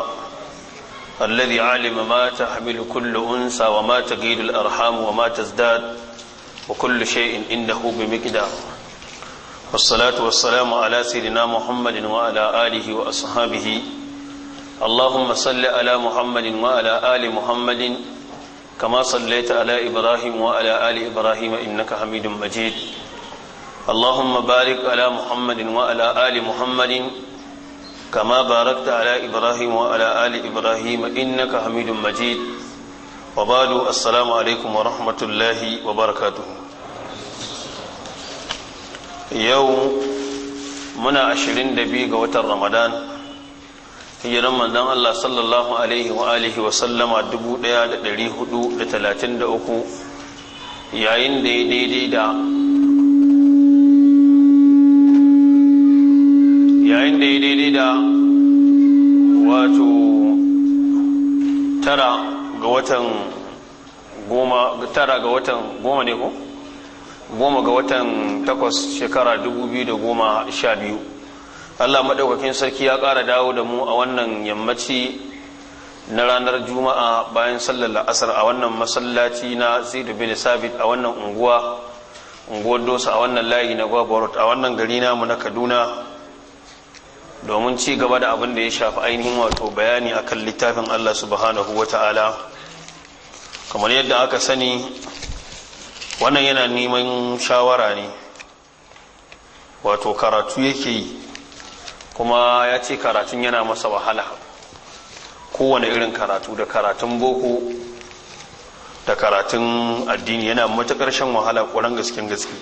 الذي علم ما تحمل كل أنثى وما تقيد wa وما تزداد وكل شيء إنه بمقدار والصلاة والسلام على سيدنا محمد وعلى آله وأصحابه اللهم صل على محمد وعلى آل محمد كما صليت على إبراهيم وعلى آل إبراهيم إنك حميد مجيد اللهم بارك على محمد وعلى آل محمد كما باركت على إبراهيم وعلى آل إبراهيم إنك حميد مجيد وبعد السلام wa ورحمة yau muna ashirin da biyu ga watan ramadan. hijiran manzon Allah sallallahu alaihi wa alihi wa sallama 1433 yayin da ya daidai da yayin da ya daidai da wato tara ga watan goma tara ga watan goma ne ko goma ga watan takwas shekara dubu biyu da goma sha biyu allah maɗaukakin sarki ya ƙara dawo da mu a wannan yammaci na ranar juma'a bayan sallar la'asar a wannan masallaci na zaidu bin sabit a wannan unguwa unguwar dosa a wannan layi na gwabarot a wannan gari namu na kaduna domin ci gaba da abin da ya shafi ainihin wato bayani akan littafin allah subhanahu wa ta'ala kamar yadda aka sani wannan yana neman shawara ne wato karatu yake yi kuma ya ce karatun yana masa wahala kowane irin karatu da karatun boko da karatun addini yana matuƙar shan wahala ƙwaron gaske gaske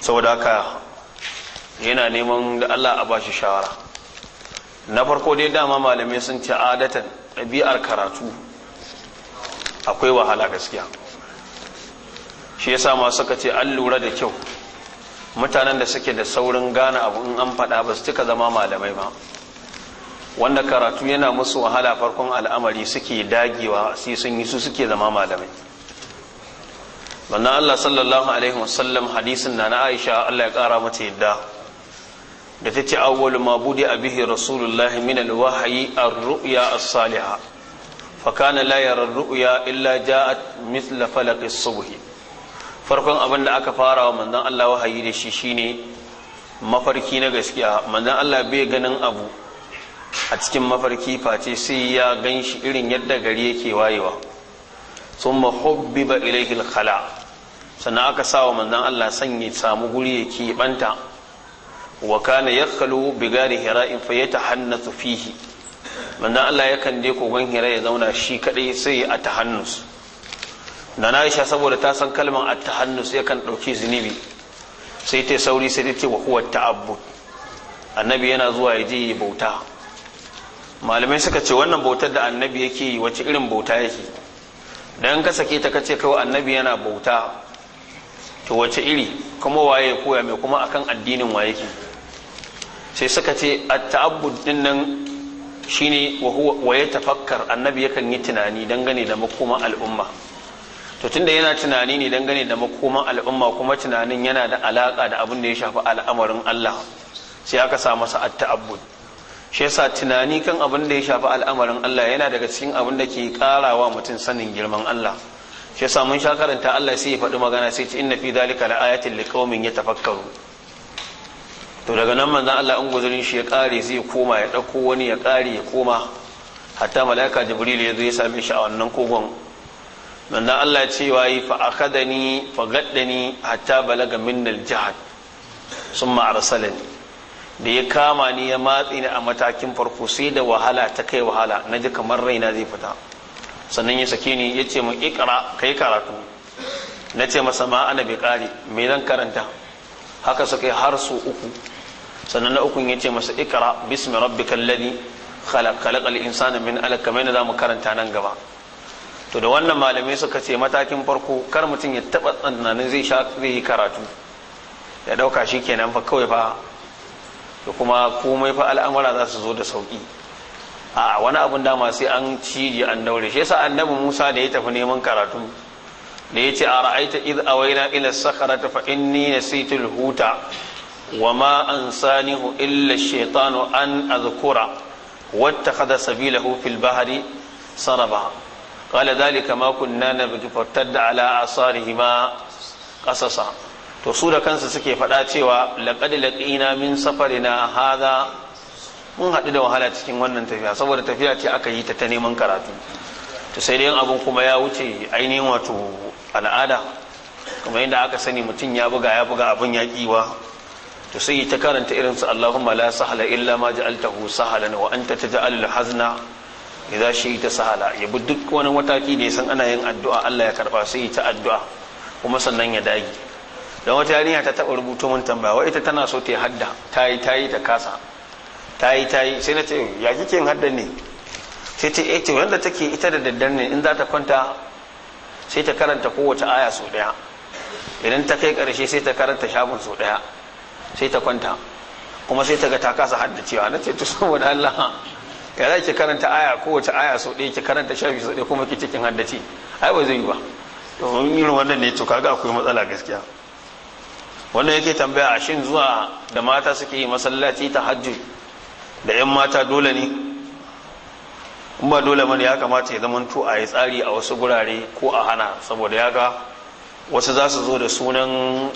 saboda haka yana neman da Allah a bashi shawara na farko dai dama malamai sun ce adatan ɗabi'ar karatu akwai wahala gaskiya shi yasa masu suka ce an lura da kyau mutanen da suke da saurin gane abu in an faɗa ba su cika zama malamai ba wanda karatu yana musu wahala farkon al'amari suke dagewa sai sun yi su suke zama malamai wannan Allah sallallahu alaihi wasallam hadisin na na Aisha Allah ya kara mata yadda da tace awwalu ma abihi rasulullahi min alwahyi ar-ru'ya as-salihah fakana layarar ru'ya illa ja'at misla falaqis subhi farkon abin da aka fara wa manzon Allah wahayi da shi shine mafarki na gaskiya manzon Allah bai ganin abu a cikin mafarki face sai ya gan shi irin yadda gari yake wayewa thumma hubbiba ba al-khala' sannan aka sa wa manzan Allah son ya samu guri ya keɓanta wa kana ya kalu bigari hira in ya ta hannasu fihi manzon Allah yakan je kogon hira ya zauna shi kadai sai a tahannus da na isha saboda ta san kalmar a ta ya kan ɗauki zunubi sai ta sauri sai ta ce wa huwa ta'abbud annabi yana zuwa ya je bauta malamai suka ce wannan bautar da annabi yake yi wace irin bauta yake dan ka sake ta kace kawai annabi yana bauta to wace iri kuma waye koya mai kuma akan addinin waye ke sai suka ce at-ta'abbud din nan shine wa ya tafakkar annabi yakan yi tunani dangane da makoman al'umma to tunda yana tunani ne dangane da makoman al'umma kuma tunanin yana da alaka da abin da ya shafi al'amarin Allah sai aka sa masa at-ta'abbud shi yasa tunani kan abin da ya shafi al'amarin Allah yana daga cikin abin da ke karawa mutum sanin girman Allah shi yasa mun sha Allah sai ya faɗi magana sai ce inna fi dhalika la ayatin liqaumin yatafakkarun to daga nan manzan Allah in guzurin shi ya kare zai koma ya ɗauko wani ya kare ya koma hatta mala'ika jibril ya zo ya same shi a wannan kogon manzan Allah cewa yi fa akadani fa gaddani hatta balaga minnal jihad sun arsalani da ya kama ni ya matsi ni a matakin farko sai da wahala ta kai wahala na ji kamar raina zai fita sannan ya sake ni ya ce min ikra kai karatu nace ce masa ma ana bai kare me zan karanta haka suka yi har su uku sannan na ukun yace masa ikra bismi rabbikal ladhi khalaq khalaqal insana min alaq kamar yadda karanta nan gaba to da wannan malamai suka ce matakin farko kar mutum ya taba tsananin zai sha zai yi karatu ya dauka kenan fa kawai fa da kuma komai fa al'amura za su zo da sauki a wani abun dama sai an cije an daure shi yasa annabi Musa da ya tafi neman karatu da ya ce a ra'aita iz awaina ila sakharata fa inni nasitul huta wa ma ansanihu illa shaitanu an azkura واتخذ سبيله في البحر سربا قال ذلك ما كنا نبغي فارتد على آثارهما قصصا to su da kansa suke faɗa cewa laqad laqina min safarina hadha mun haɗu da wahala cikin wannan tafiya saboda tafiya ce aka yi ta ta neman karatu to sai dai abun kuma ya wuce ainihin wato al'ada kuma inda aka sani mutum ya buga ya buga abun ya kiwa to sai ta karanta irin su Allahumma la sahla illa ma ja'altahu sahlan wa anta taj'alul hazna idza sahla ya bi duk wani mataki da ya san ana yin addu'a Allah ya karba sai ta addu'a kuma sannan ya dage don wata yarinya ta taba rubuto mun tambaya wai ita tana so ta yi hadda tayi tayi ta kasa tayi tayi sai na ce ya kike yin hadda ne sai ta ce wanda eh take ita da daddare ne in za ta kwanta sai ta karanta kowace aya sau daya idan ta kai karshe sai ta karanta shafin sau daya sai ta kwanta kuma sai ta ga ta kasa haddacewa na ce to saboda Allah ya za ki karanta aya kowace aya sau ɗaya ki karanta shafi sau ɗaya kuma ki cikin haddace ai ba zai yi ba domin irin wannan ne to kaga akwai matsala gaskiya wannan yake tambaya a shin zuwa da mata suke yi masallaci ta hajji da yan mata dole ne in ba dole mana ya kamata ya zama to a yi tsari a wasu gurare ko a hana saboda ya ga wasu za su zo da sunan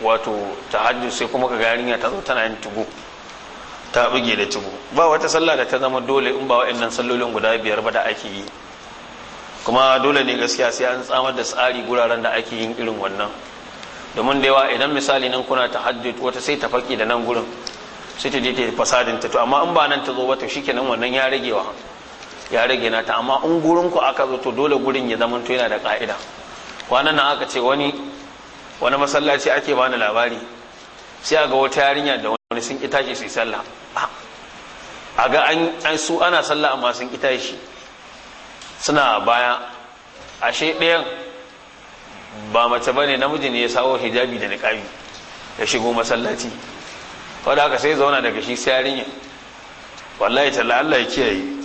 wato ta hajji sai kuma ka yarinya ta zo tana yin tugu ta buge da tugu ba wata sallah da ta zama dole in ba wa'annan sallolin guda biyar ba da ake yi kuma dole ne gaskiya sai an tsamar da tsari guraren da ake yin irin wannan domin da yawa idan misali nan kuna hajji wata sai ta faki da nan gurin sai ta je fasadin ta to amma in ba nan ta zo ba to shikenan wannan ya rage wa ya rage na ta amma in gurin ku aka zo to dole gurin ya zama to yana da ka'ida kwanan nan aka ce wani wani masallaci ake bani labari sai ga wata yarinya da wani sun ki tashi su yi sallah a ga an su ana sallah amma sun ki tashi suna baya ashe ɗayan ba mace ba ne namiji ne ya sawo hijabi da niƙami ya shigo masallaci wadda aka sai zauna daga shi sai yarinya wallahi talla Allah ya kiyaye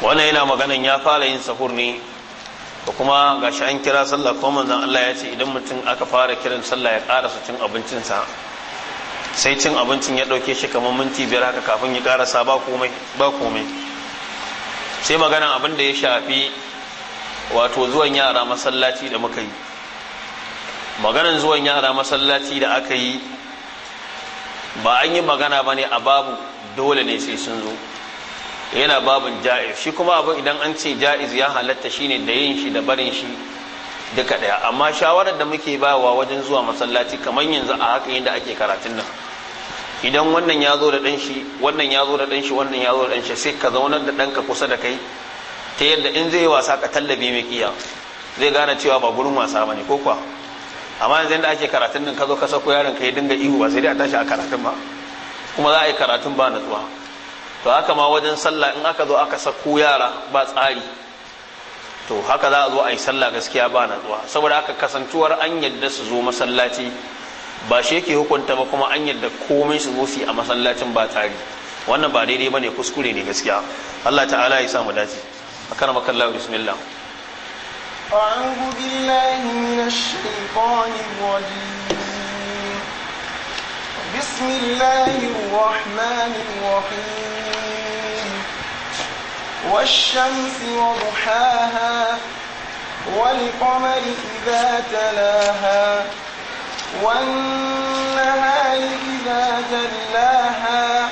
wannan yana magana ya fara yin sahur ne ko kuma gashi an kira sallah ko manzon Allah ya ce idan mutum aka fara kiran sallah ya karasa cin abincinsa sai cin abincin ya ɗauke shi kamar minti biyar haka kafin ya karasa ba komai ba komai sai magana abin da ya shafi wato zuwan yara masallaci da muka yi maganan zuwan yara masallaci da aka yi ba an yi magana bane a babu dole ne sai sun zo yana babin ja'iz shi kuma abin idan an ce ja'iz ya halatta shine da yin shi da barin shi duka daya amma shawarar da muke bawa wajen zuwa masallaci kamar yanzu a haka yadda ake karatun nan idan wannan ya zo da dan shi wannan ya zo da dan shi wannan ya zo da dan shi sai ka zaunar da ka kusa da kai ta yadda in zai wasa ka tallabi mai kiya zai gane cewa ba gurin wasa bane ko kwa amma yanzu yadda ake karatun nan ka zo ka sako yaron ka ya dinga ihu ba sai dai a tashi a karatun ba kuma za a yi karatun ba natsuwa to haka ma wajen sallah in aka zo aka sako yara ba tsari to haka za a zo a yi sallah gaskiya ba natsuwa saboda haka kasantuwar an yadda su zo masallaci ba shi yake hukunta ba kuma an yadda komai su zo a masallacin ba tsari wannan ba daidai bane kuskure ne gaskiya Allah ta'ala ya sa mu dace akana makallahu bismillah أعوذ بالله من الشيطان الرجيم بسم الله الرحمن الرحيم والشمس وضحاها والقمر إذا تلاها والنهار إذا جلاها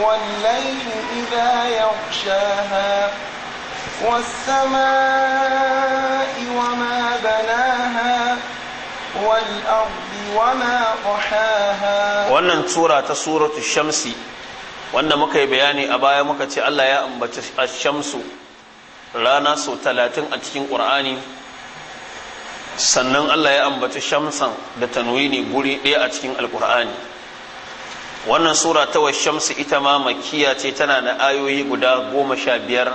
والليل إذا يغشاها والسماء وما بناها wannan sura ta suratu shamsi wanda muka yi bayani a baya muka ce Allah ya ambaci a shamsu rana sau talatin a cikin Qur'ani sannan Allah ya ambaci shamsan da tanwini guri ɗaya a cikin al wannan sura ta wa shamsi ita ma makiya ce tana da ayoyi guda goma sha biyar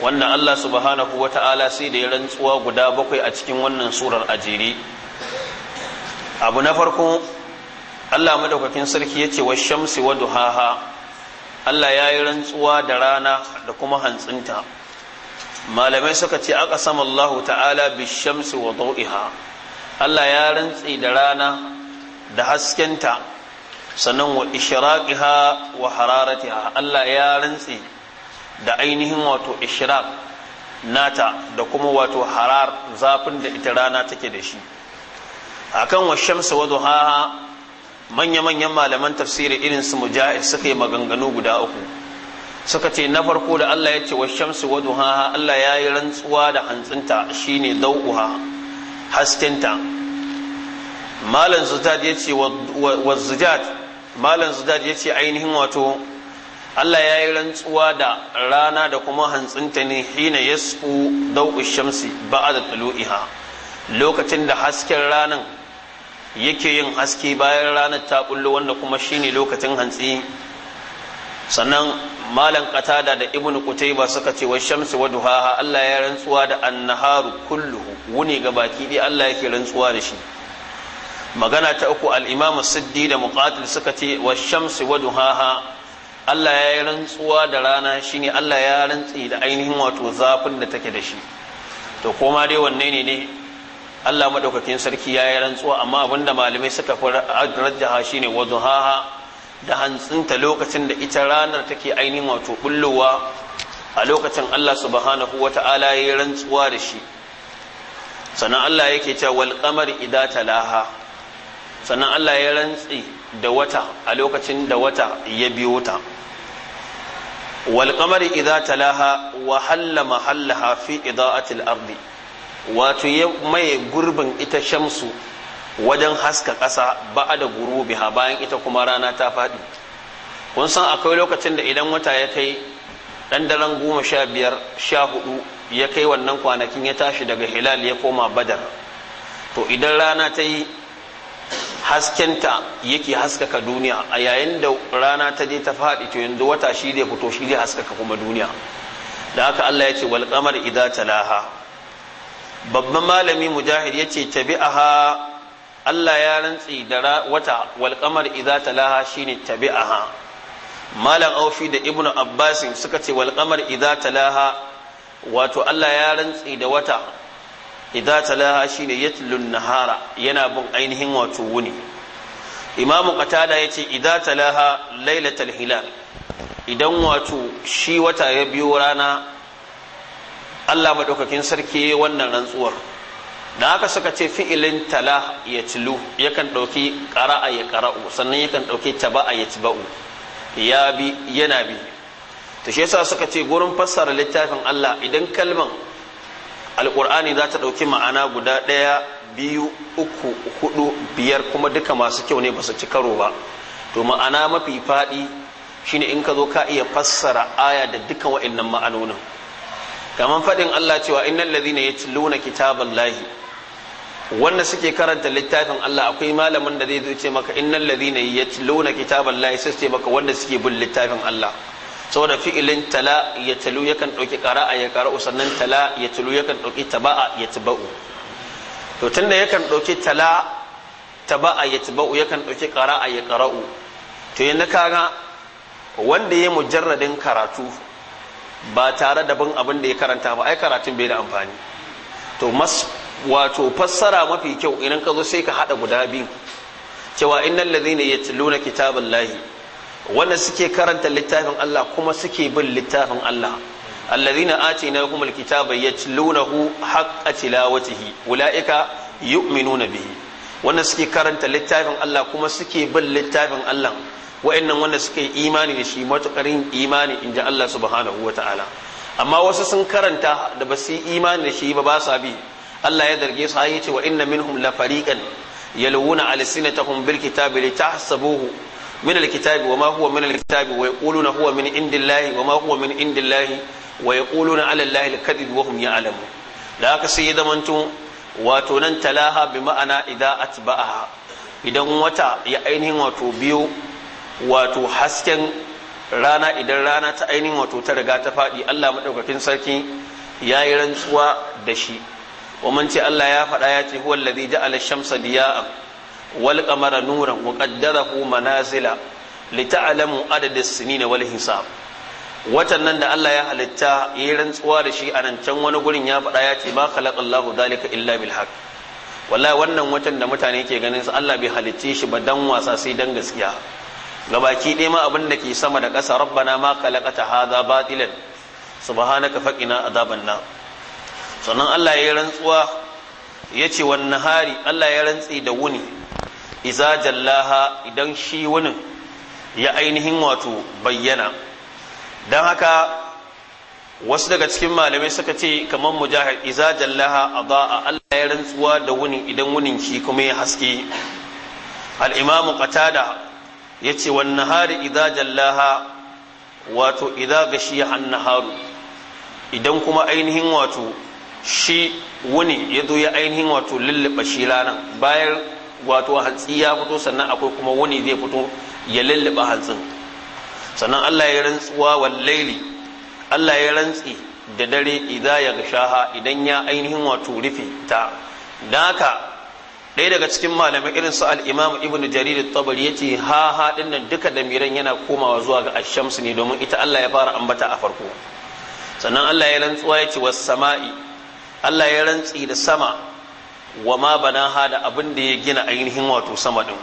wanda Allah subhanahu wata'ala ta'ala sai da ya rantsuwa guda bakwai a cikin wannan surar ajiri abu na farko Allah madaukakin sarki ce wa shamsi wa duhaha Allah ya yi rantsuwa da rana da kuma hantsinta malamai suka ce aka sama Allahu ta'ala bi shamsi wa dawiha Allah ya rantsi da rana da haskenta sannan wa ishraqiha wa hararatiha Allah ya rantsi da ainihin wato ishraq nata da kuma wato harar zafin da ita rana take da shi akan washamsu wa haha manya-manyan malaman tafsiri irin su mujahid suka yi maganganu guda uku suka ce na farko da Allah ya ce washamsu wa haha Allah ya yi rantsuwa da hantsinta shine dauha haskinta malam zujad ya ce wa zujad malan zujad ya ce ainihin wato Allah ya yi rantsuwa da rana da kuma hantsinta ne hina yasku dau'u shamsi ba'a da lokacin da hasken ranan yake yin haske bayan ranar ta kullu wanda kuma shine lokacin hantsi sannan malam qatada da ibn qutayba suka ce wa shamsu wa duhaha Allah ya rantsuwa da annaharu kulluhu wuni ga baki dai Allah yake rantsuwa da shi magana ta uku al-imam siddi da muqatil suka ce wa shamsu wa duhaha Allah ya rantsuwa da rana shine Allah ya rantsi da ainihin wato zafin da take da shi to koma dai wanne ne ne Allah maɗaukakin sarki ya yi rantsuwa amma abinda malamai suka fi rajjaha shine haha. da hantsinta lokacin da ita ranar take ainihin wato bullowa a lokacin Allah subhanahu wata'ala ya yi rantsuwa da shi sannan Allah yake cewa wal qamar idza talaha sannan Allah ya rantsi da wata a lokacin da wata ya biyo ta wal qamar idza talaha wa halla mahallaha fi ida'ati al-ardi wato ya maye gurbin ita shamsu wajen haska ƙasa ba da ha, bayan ita kuma rana ta faɗi kun san akwai lokacin da idan wata ya kai ɗan daren goma sha biyar sha hudu ya kai wannan kwanakin ya tashi daga hilal ya koma badar to idan rana ta yi haskenta yake haskaka duniya a yayin da rana ta je ta faɗi to yanzu wata shi ne fito shi ne haskaka kuma duniya da haka Allah ya ce wal qamar idza talaha babban malami mujahid ya ce tabi'aha Allah ya rantsi da wata walƙamar idza talaha shine tabi'aha malam aufi da ibnu Abbas suka ce walƙamar idza talaha wato Allah ya rantsi da wata idza talaha shine yatlun nahara yana bin ainihin wato wuni imamu qatada yace idza talaha lailatul hilal idan wato shi wata ya biyo rana Allah madaukakin sarki wannan rantsuwar da haka suka ce fi'ilin tala ya tilu yakan ɗauki ƙara'a ya ƙara'u sannan yakan ɗauki taba'a ya taba'u. ya bi yana bi to shi yasa suka ce gurin fassara littafin Allah idan kalman alƙur'ani za ta ɗauki ma'ana guda ɗaya biyu uku hudu biyar kuma duka masu kyau ne ba su ci karo ba to ma'ana mafi faɗi shine in ka zo ka iya fassara aya da duka wa'annan ma'anonin kamar faɗin Allah cewa innal ladhina yatluna kitaballahi wanda suke karanta littafin Allah akwai malamin da zai ce maka innal ladhina yatluna kitaballahi sai ce maka wanda suke bin littafin Allah saboda fi'ilin tala yatlu yakan dauki qara'a ya qara'u sannan tala yatlu yakan dauki taba'a yatba'u to tunda yakan dauki tala taba'a yatba'u yakan dauki qara'a ya qara'u to yanda kaga wanda ya mujarradin karatu ba tare da bin abin da ya karanta ba ai karatun bai da amfani to mas wato fassara mafi kyau idan ka zo sai ka hada guda biyu cewa innal ladhina yatluna kitaballahi wanda suke karanta littafin Allah kuma suke bin littafin Allah alladhina humul kitaba yatlunahu haqqa tilawatihi ulaika yu'minuna bihi wanda suke karanta littafin Allah kuma suke bin littafin Allah wa'annan wanda suka yi imani da shi matuƙarin imani in ji Allah subhanahu wa ta'ala amma wasu sun karanta da ba su yi imani da shi ba ba sa bi Allah ya zarge su ya ce wa inna minhum la fariqan yalwuna alsinatahum bil kitabi litahsabuhu min al kitabi wa ma huwa min al kitabi wa yaquluna huwa min indillahi wa ma huwa min indillahi wa yaquluna ala allahi al kadhib wa hum ya'lamun da haka sai ya zamanto wato nan talaha bi ma'ana idza atba'aha idan wata ya ainihin wato biyu wato hasken rana idan rana ta ainihin wato ta riga ta faɗi Allah maɗaukakin sarki ya yi rantsuwa da shi Allah ya ce, ومن تي الله يا فدايا هو الذي جعل الشمس ضياء والقمر نورا وقدره adad as sinina wal hisab watan nan da Allah ya halitta yi rantsuwa da shi a nan can wani gurin ya faɗa ya ce ma khalaqallahu dalika illa bil haqq wallahi wannan watan da mutane ke ganin su Allah bai halicce shi ba dan wasa sai dan gaskiya gabaki ɗaya ma abin da ke sama da ƙasa rabbana ma kalakata hadha batilan subhanaka faqina adhaban nar sannan Allah ya rantsuwa yace wan nahari Allah ya rantsi da wuni iza jallaha idan shi wunin ya ainihin wato bayyana dan haka wasu daga cikin malamai suka ce kamar mujahid iza jallaha adaa Allah ya rantsuwa da wuni idan wunin shi kuma ya haske al-imamu qatada yace wan hari idza jallaha wato idza gashiya an naharu idan kuma ainihin wato shi wuni ya zo ya ainihin wato lulluɓa shi rana bayan wato hantsi ya fito sannan akwai kuma wuni zai fito ya lullube hantsin sannan Allah ya rantsuwa wallaili Allah ya rantsi da dare idza ya gashaha idan ya ainihin wato rufe ta haka ɗaya daga cikin malamai irin su al'imam ibn jarir tabari ya yace ha ha ɗin nan duka damiran yana komawa zuwa ga Ashamsu ne domin ita Allah ya fara ambata a farko sannan Allah ya rantsuwa ya ce was sama'i Allah ya rantsi da sama wa ma banaha da abin da ya gina ainihin wato sama ɗin.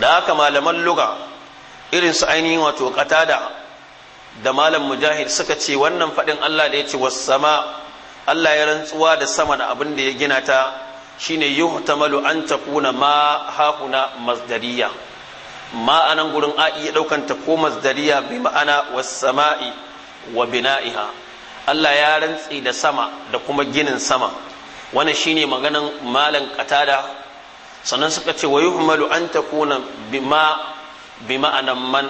da haka malaman luga irin su ainihin wato katada da malam mujahid suka ce wannan faɗin Allah da ya ce was sama Allah ya rantsuwa da sama da abin da ya gina ta shine yuhtamalu an takuna ma hahuna mazdariya ma anan gurin a iya daukanta ko mazdariya bi ma'ana was sama'i wa bina'iha Allah ya rantsi da sama da kuma ginin sama wannan shine maganan malan katada? sannan suka ce wa yuhmalu an takuna bima bi ma'anan man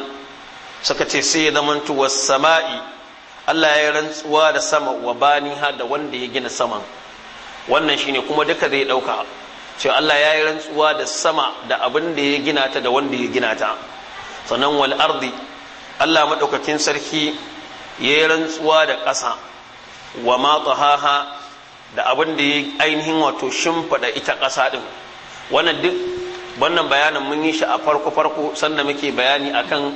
suka ce sai ya zamantu was sama'i Allah ya rantsuwa da sama wa baniha da wanda ya gina saman wannan shine kuma duka zai dauka ce Allah ya yi rantsuwa da sama da abin da ya gina ta da wanda ya gina ta sannan wal ardi Allah madaukakin sarki ya yi rantsuwa da ƙasa wa ma tahaha da abin da ya ainihin wato shimfada ita ƙasa din wannan duk wannan bayanin mun yi shi a farko farko sanda muke bayani akan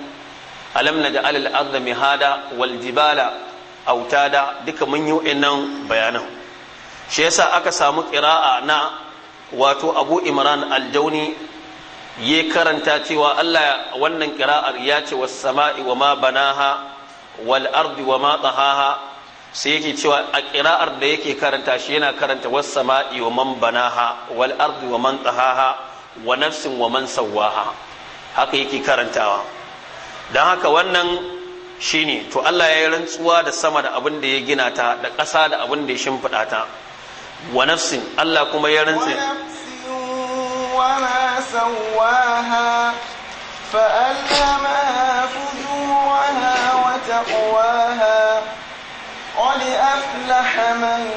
alam na ja'al al-ardha mihada wal jibala autada duka mun yi wa'annan bayanan shi yasa aka samu ƙira'a na wato abu imran aljauni ya karanta cewa Allah wannan ƙira'ar ya ce wasu sama'i wa ma banaha wal ardi wa ma sai yake cewa a ƙira'ar da yake karanta shi yana karanta wasu sama'i wa man banaha wal ardi wa man wa nafsin wa man sawaha haka yake karantawa don haka wannan shine to Allah ya yi rantsuwa da sama da abin da ya gina ta da ƙasa da abin da ya shimfiɗa ta wa nafsin Allah kuma ya rantse wa ma sawaha fa alhamaha fujuraha wa taqwaha qad aflaha man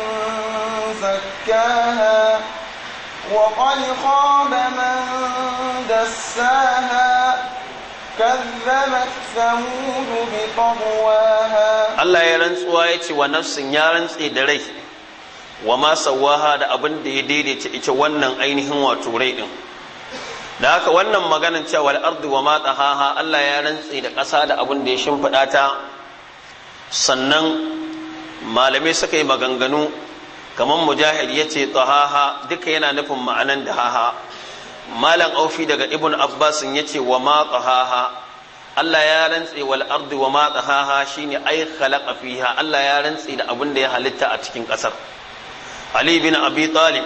wa qad khaba man dassaha كذبت ثمود بطغواها الله يرنس وايتي ونفس يرنس wa ma sawaha da abin da ya daidaita ita wannan ainihin wato rai din da haka wannan maganan cewa al-ardu wa ma tahaha Allah ya rantsi da ƙasa da abin da ya shimfiɗa ta sannan malamai suka yi maganganu kamar mujahid ya ce tahaha duka yana nufin ma'anan da haha malam aufi daga ibn abbas ya ce wa ma tahaha Allah ya rantsi wal ardu wa ma tahaha shine ai khalaqa fiha Allah ya rantsi da abin da ya halitta a cikin ƙasar ali bin abi talib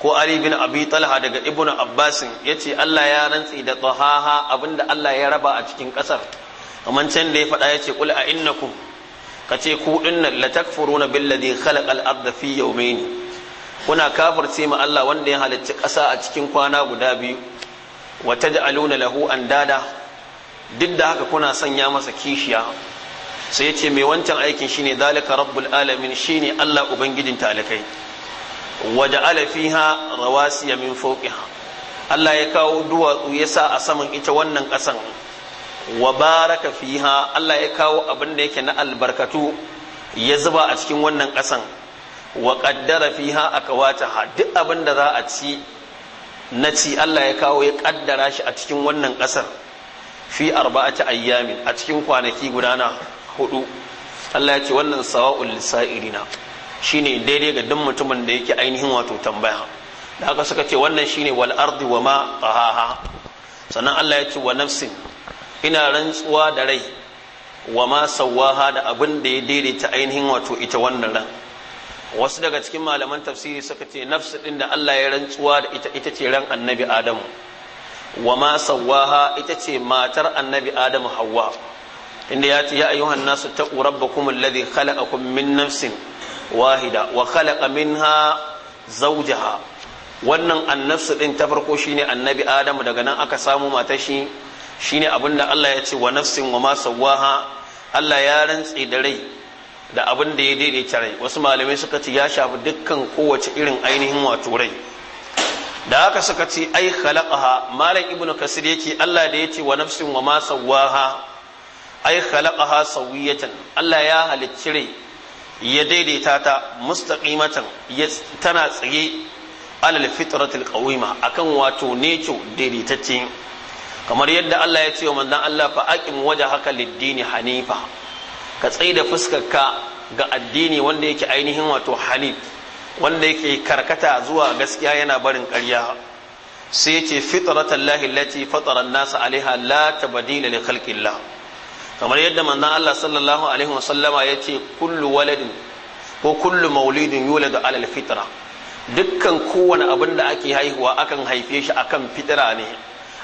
ko ali bin abi talha daga ibn abbasin yace allah ya rantsi da tsahaha abinda allah ya raba a cikin ƙasar kamar can da ya faɗa yace ce kul a innakum ka ce ku dinnan la takfuruna billadhi khalaqa al-ardha fi yawmayn kuna kafirce ma allah wanda ya halicci ƙasa a cikin kwana guda biyu wa taj'aluna lahu andada duk da haka kuna sanya masa kishiya sai ya ce mai wancan aikin shine dalika rabbul alamin shine Allah ubangijin talikai wada alafiha rawasiya min fawqiha Allah ya kawo duwatsu ya sa a saman ita wannan ƙasan wa baraka fiha Allah ya kawo abin da yake na albarkatu ya zuba a cikin wannan ƙasan wa qaddara fiha ha duk abin da za a ci na ci Allah ya kawo ya kaddara shi a cikin wannan ƙasar fi ta ayyamin a cikin kwanaki gudana hudu Allah ya ce wannan sawa'ul lisa'irina shine daidai ga duk mutumin da yake ainihin wato tambaya da aka suka ce wannan shine wal ardi wa ma qahaha sannan Allah ya ce wa nafsin ina rantsuwa da rai wa ma sawaha da abin da ya daidaita ainihin wato ita wannan ran wasu daga cikin malaman tafsiri suka ce nafsi din da Allah ya rantsuwa da ita ita ce ran annabi Adamu wa ma sawaha ita ce matar annabi Adamu Hawwa inda ya ce ya ayyuhan nasu taqu rabbakum alladhi kun min nafsin wahida wa ha minha zaujaha wannan annafsu ɗin ta farko shine annabi adamu daga nan aka samu mata shi shine da Allah ya ce wa nafsin wa ma sawaha Allah ya rantsi da rai da abin da ya daidaita rai wasu malamai suka ce ya shafi dukkan kowace irin ainihin wato rai da haka suka ce ai khalaqaha malam ibnu kasir yake Allah da ce wa nafsin wa ma sawaha ai khalaqaha sawiyatan Allah ya halicci rai ya daidaita ta mustaqimatan tana tsaye alal fitratil qawima akan wato neco daidaitacce kamar yadda Allah ya ce wa manzon Allah fa aqim wajhaka lid-dini hanifa ka tsaye da fuskarka ga addini wanda yake ainihin wato hanif wanda yake karkata zuwa gaskiya yana barin ƙarya sai ya ce fitratallahi allati fatara an-nasa alaiha la tabdila li khalqillah kamar yadda manzon Allah sallallahu alaihi wasallama ya ce kullu waladin ko kullu maulidin da alal fitra dukkan kowane abin da ake haihuwa akan haife shi akan fitra ne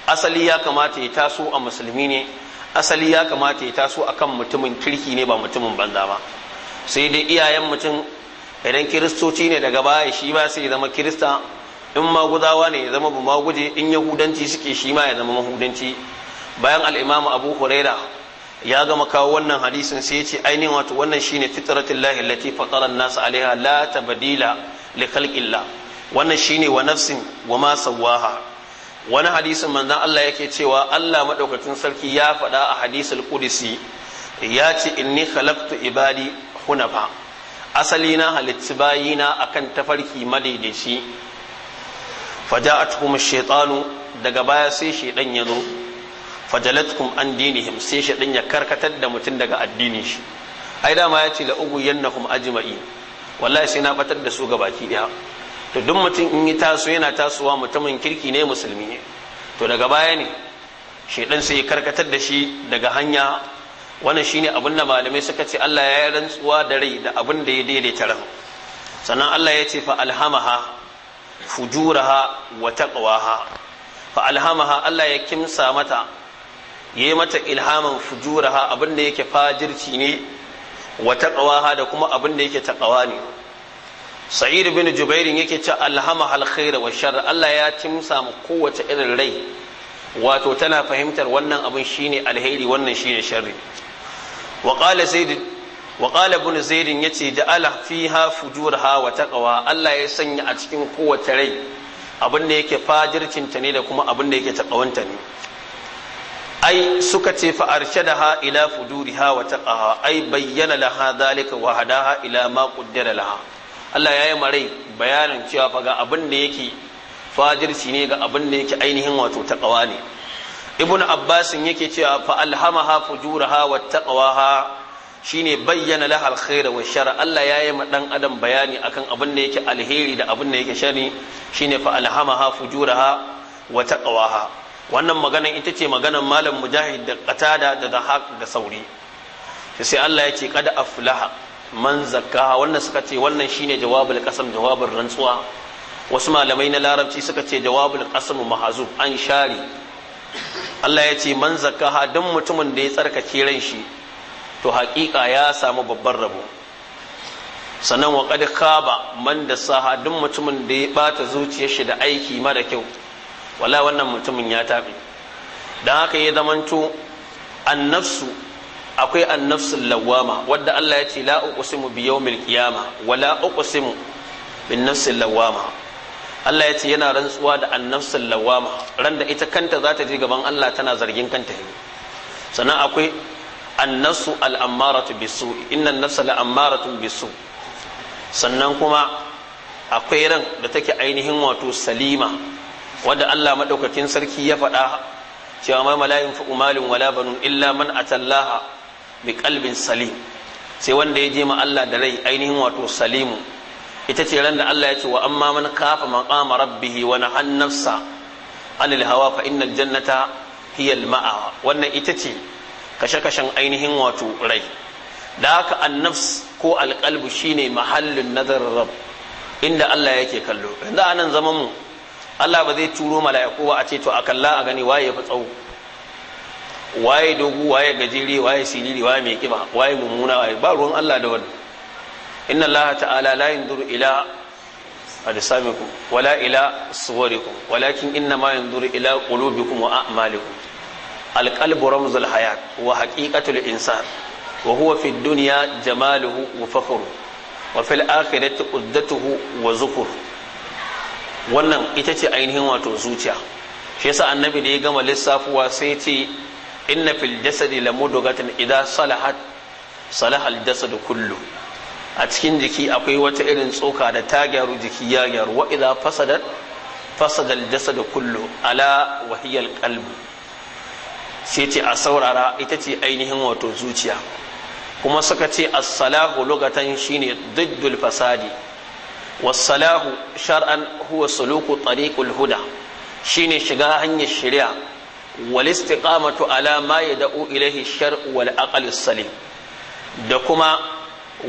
asali ya kamata ya taso a musulmi ne asali ya kamata ya taso akan mutumin kirki ne ba mutumin banza ba sai dai iyayen mutum idan kiristoci ne daga baya shi ba sai zama kirista in maguzawa ne ya zama buma in yahudanci suke shi ma ya zama mahudanci bayan al'imamu abu huraira ya gama kawo wannan hadisin sai ya ce ainihin wato wannan shine fitratul lahi allati fatara an-nas alaiha la tabdila li khalqillah wannan shine wa nafsin wa ma sawaha wani hadisin manzon Allah yake cewa Allah madaukakin sarki ya faɗa a hadisul qudsi ya ce inni khalaqtu ibadi hunafa asali na halitti bayina akan tafarki madaidaici faja'atuhum ash-shaytanu daga baya sai shedan ya zo fajalatkum an dinihim sai shaɗin ya karkatar da mutum daga addinin shi ai dama ya ce la ugu yannakum ajma'i wallahi sai na batar da su ga baki daya to duk mutum in yi taso yana tasowa mutumin kirki ne musulmi ne to daga baya ne shedan sai ya karkatar da shi daga hanya wannan shine abin da malamai suka ce Allah ya yi rantsuwa da rai da abin da ya daidaita ran sannan Allah ya ce fa alhamaha fujuraha wa taqwaha fa alhamaha Allah ya kimsa mata Yi mata ilhaman fujuraha abin da yake fajirci ne wa taqwaha da kuma abin da yake taqwa ne sa'id bin jubairin yake ce alhama alkhaira wa shar Allah ya timsa mu kowace irin rai wato tana fahimtar wannan abin shine alheri wannan shine sharri wa qala zaid wa qala ibn zaid yace ja'ala fiha fujurha wa taqwa Allah ya sanya a cikin kowace rai abin da yake ta ne da kuma abin da yake taqawanta ne ai suka ce fa arshadaha ila fuduriha wa taqaha ai bayyana laha zalika wa hadaha ila ma qaddara laha Allah yayi yi marai bayanin cewa fa ga abin da yake fajirci ne ga abin da yake ainihin wato taqwa ne ibnu abbasin yake cewa fa alhamaha fujuraha wa taqwaha shine bayyana lahal alkhair wa shar Allah ya yi dan adam bayani akan abin da yake alheri da abin da yake shari shine fa alhamaha fujuraha wa taqwaha wannan maganan ita ce maganan malam mujahid da qatada da dahak da sauri sai Allah ya ce kada aflaha man zakkaha wannan suka ce wannan shine jawabul qasam jawabul rantsuwa wasu malamai na larabci suka ce jawabul qasam mahazub an share. Allah ya ce man zakkaha dan mutumin da ya tsarkake ran shi to haƙiƙa ya samu babban rabo sannan wa kad khaba man da saha duk mutumin da ya bata zuciyar shi da aiki mara kyau wala wannan mutumin ya tafi don haka ya zamanto annafsu akwai annafsul lawama wadda Allah ya ce la uqsimu bi yawmil qiyama wala uqsimu bin nafsil lawama Allah ya ce yana rantsuwa da annafsul lawama ran da ita kanta za ta je gaban Allah tana zargin kanta ne sannan akwai annasu al'ammaratu bisu inna nafsa al'ammaratu bisu sannan kuma akwai ran da take ainihin wato salima wanda Allah maɗaukakin sarki ya faɗa cewa ma malayin fi umalin wala banu illa man atallaha bi qalbin salim sai wanda ya je ma Allah da rai ainihin wato salimu ita ce ran da Allah ya ce wa amma man kafa maqama rabbih wa nahan nafsa anil hawa fa innal jannata hiya al ma'a wannan ita ce kashe-kashen ainihin wato rai da haka annafs ko alqalbu shine mahallin nazarin rabb inda Allah yake kallo yanzu anan zaman mu Allah ba zai turo mala'iku ba a ce to a kalla a gani waye fi tsawo waye dogu waye gajere waye siriri waye mai kiba waye mummuna waye ba ruwan Allah da wani. inna Allah ta'ala la yanzuru ila ajsamikum wala ila suwarikum walakin inna ma yanzuru ila qulubikum wa a'malikum alqalbu ramzul hayat wa haqiqatul insan wa huwa fi dunya jamaluhu wa fakhruhu wa fil akhirati uddatuhu wa zukuruhu wannan ita ce ainihin wato zuciya shi yasa annabi da ya gama lissafuwa sai ce inna fil jasadi la mudghatan idha salahat salaha al jasad kullu a cikin jiki akwai wata irin tsoka da ta gyaru jiki ya gyaru wa idha fasadat fasada al jasad kullu ala wa hiya al qalb sai ce a saurara ita ce ainihin wato zuciya kuma suka ce as-salahu lugatan shine diddul fasadi wasalahu shar'an huwa suluku tariqul huda shine shiga hanyar shari'a wal istiqamatu ala ma yad'u ilayhi shar'u wal aqal salim da kuma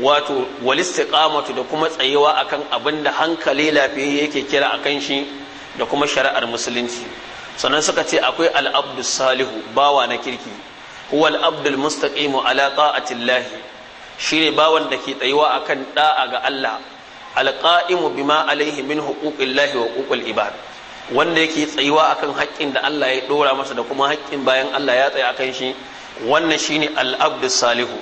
wato wal istiqamatu da kuma tsayewa akan abinda hankali lafiya yake kira akan shi da kuma shari'ar musulunci sannan suka ce akwai al-abdu salihu bawa na kirki huwa al-abdul mustaqimu ala ta'atillahi shine bawan da ke tsayuwa akan da'a ga Allah alqa'imu bima alaihi min huquqillahi wa huquqil ibad wanda yake tsayuwa akan haƙƙin da Allah ya dora masa da kuma haƙƙin bayan Allah ya tsaya akan shi wannan shine al-abdus salihu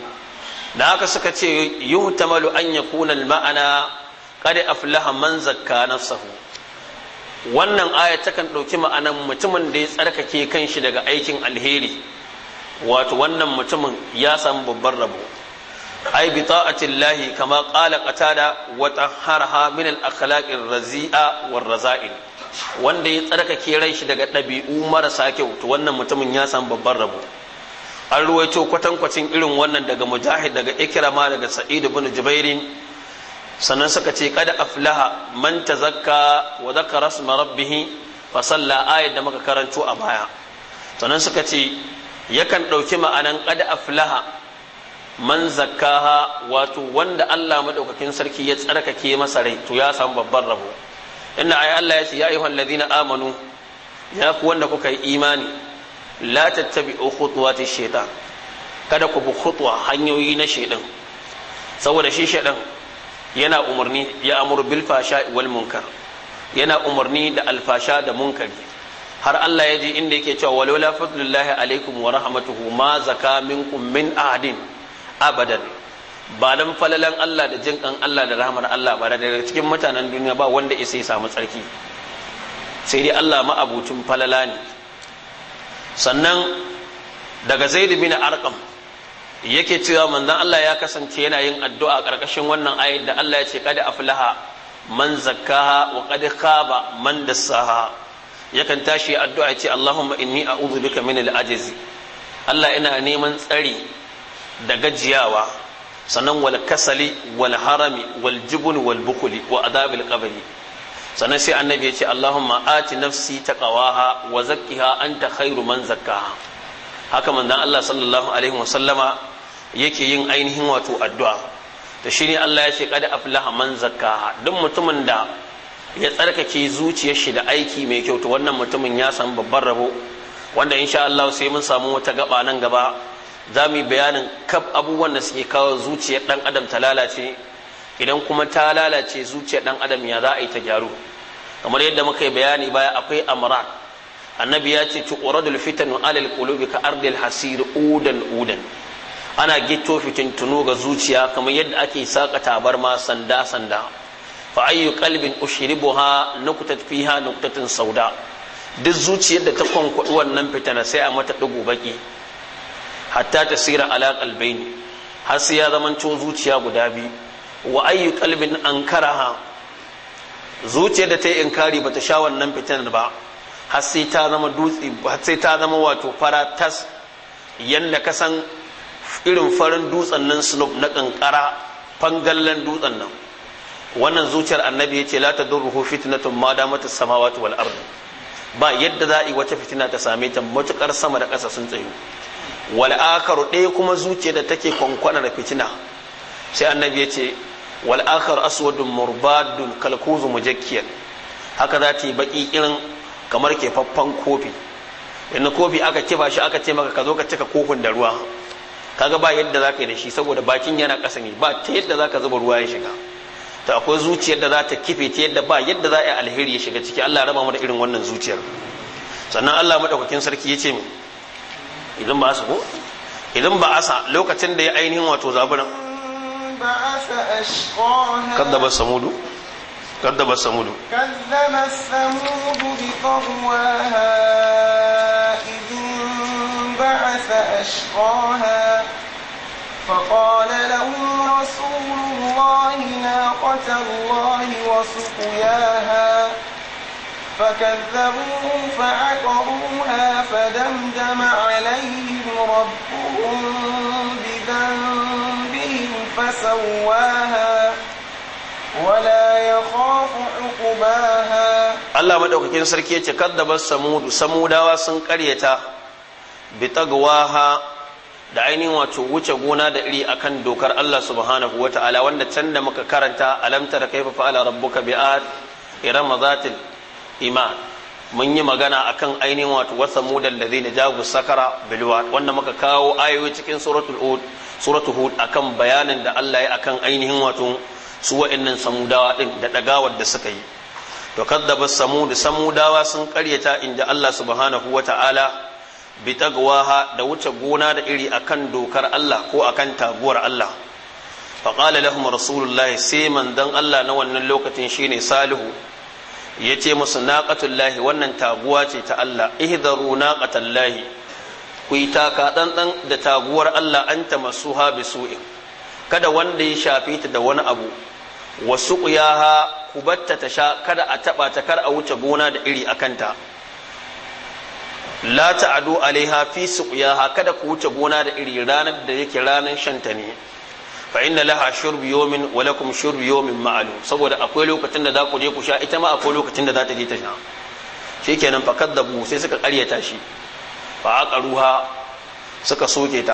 da haka suka ce yuhtamalu an yakuna al-ma'ana qad aflaha man zakka nafsahu wannan aya takan ɗauki ma'anan mutumin da ya tsarkake kanshi daga aikin alheri wato wannan mutumin ya samu babban rabo ai bi ta'atillahi kama qala qatada wa tahharha min al razi'a war raza'il wanda ya tsarkake ran shi daga ɗabi'u marasa kyau to wannan mutumin ya san babban rabo an ruwaito kwatankwacin irin wannan daga mujahid daga ikrama daga Sa'idu ibn jubairin sannan suka ce kada aflaha man tazakka wa zakara rasma rabbih fa salla ayat da muka karanto a baya sannan suka ce yakan ɗauki ma'anan kada aflaha man zakkaha wato wanda Allah madaukakin sarki ya tsarkake masa rai to ya samu babban rabo inna ay Allah ya ce ya ayyuhal ladina amanu ya ku wanda kuka yi imani la tattabi'u khutuwati shaytan kada ku bi khutwa hanyoyi na shaytan saboda shi shaytan yana umarni ya amuru bil fasha wal munkar yana umarni da alfasha da munkari har Allah ya ji inda yake cewa walaula fadlullahi alaikum wa rahmatuhu ma zaka minkum min ahadin abadan ba dan falalan Allah da jin kan Allah da rahmar Allah ba daga cikin mutanen duniya ba wanda isa ya samu tsarki sai dai Allah ma'abucin falala ne sannan daga Zaid bin Arqam yake cewa manzon Allah ya kasance yana yin addu'a karkashin wannan ayat da Allah ya ce kada aflaha man zakkaha wa qad khaba man dassaha yakan tashi addu'a ya ce Allahumma inni a'udhu bika min al ajzi Allah ina neman tsari da gajiyawa sannan wal kasali wal harami wal jubun wal bukuli wa adabil qabri sannan sai annabi ya ce Allahumma ati nafsi taqawaha wa zakkiha anta khairu man zakkaha haka manzon Allah sallallahu alaihi wasallama yake yin ainihin wato addu'a to shine Allah ya ce qad aflaha man zakkaha duk mutumin da ya tsarkake zuciyar shi da aiki mai kyau to wannan mutumin ya samu babban rabo wanda insha Allah sai mun samu wata gaba nan gaba za mu yi bayanin kaf abubuwan da suke kawo zuciyar dan adam ta lalace idan kuma ta lalace zuciyar dan adam ya za a yi ta gyaru kamar yadda muka yi bayani baya akwai amra annabi ya ce tuqradul fitanu alal qulubi ka ardil hasir udan udan ana gitto tuno ga zuciya kamar yadda ake saka tabarma sanda sanda fa ayyu qalbin ushribuha nuqtat fiha nuqtatun sauda duk zuciyar da ta kwankwaɗi wannan fitana sai a mata ɗigo baki hatta tasira ala qalbayn har sai ya zamanto zuciya guda biyu wa ayyu qalbin ankaraha zuciyar da ta yi inkari bata sha wannan fitanar ba har sai ta zama dutse har sai ta zama wato fara tas yanda ka san irin farin dutsen nan slope na kankara fangallan dutsen nan wannan zuciyar annabi ya ce la ta durruhu fitnatun ma damatu samawati wal ardi ba yadda za a yi wata fitina ta same ta matukar sama da ƙasa sun tsayu wal akharu ɗaya kuma zuciya da take kwankwana da fitina sai annabi ya ce wal akhar aswadun murbadun kalkuzu mujakkiyan haka za ta yi baki irin kamar kefaffen kofi inda kofi aka kifa shi aka ce maka ka zo ka cika kofin da ruwa kaga ba yadda za ka yi da shi saboda bakin yana ƙasa ne ba ta yadda za ka zuba ruwa ya shiga ta akwai zuciyar da za ta kife ta yadda ba yadda za a yi alheri ya shiga ciki Allah raba mu da irin wannan zuciyar sannan Allah madaukakin sarki ya ce mu idan ba su ko idan ba asa lokacin da ya ainihin wato zaburan kaddaba samudu kaddaba samudu kaddaba samudu bi tawwaha idin ba'atha ashqaha فقال لهم رسول الله ناقة الله وسقياها فكذبوه فعقروها فدمدم عليهم ربهم بذنبهم فسواها ولا يخاف عقباها الله مدوكين سركي yace kaddaba samud samudawa sun karyata bitagwaha da ainihin wato wuce gona da iri akan dokar Allah subhanahu wataala wanda can da muka karanta alam tara kaifa fa'ala rabbuka bi'ad irama zatil iman mun yi magana akan ainihin wato wasa mudan da zai jagu sakara bilwa wanda muka kawo ayoyi cikin suratul hud akan bayanin da Allah ya akan ainihin wato su wa'annan samudawa din da dagawar da suka yi to kaddaba samud samudawa sun karyata inda Allah subhanahu wata'ala bi tagwaha da wuce gona da iri akan dokar Allah ko akan taguwar Allah qala lahum rasulullahi sai manzon Allah na wannan lokacin shine salihu ya ce musu lahi wannan taguwa ce ta Allah ihdaru lahi ku yi taka ɗanɗan da taguwar Allah an ta masu ha bisu'in kada wanda ya shafe ta da wani abu wasu ƙuyaha ku batta ta sha kada a taɓa ta kar a wuce gona da iri a kanta la ta'adu alaiha fi suqiyaha kada ku wuce gona da iri ranar da yake ranar shanta ne fa inna laha shurb yawmin wa lakum yawmin saboda akwai lokacin da za ku je ku sha ita ma akwai lokacin da za ta je ta sha shikenan fa kaddabu sai suka karyata shi fa aqaruha suka soke ta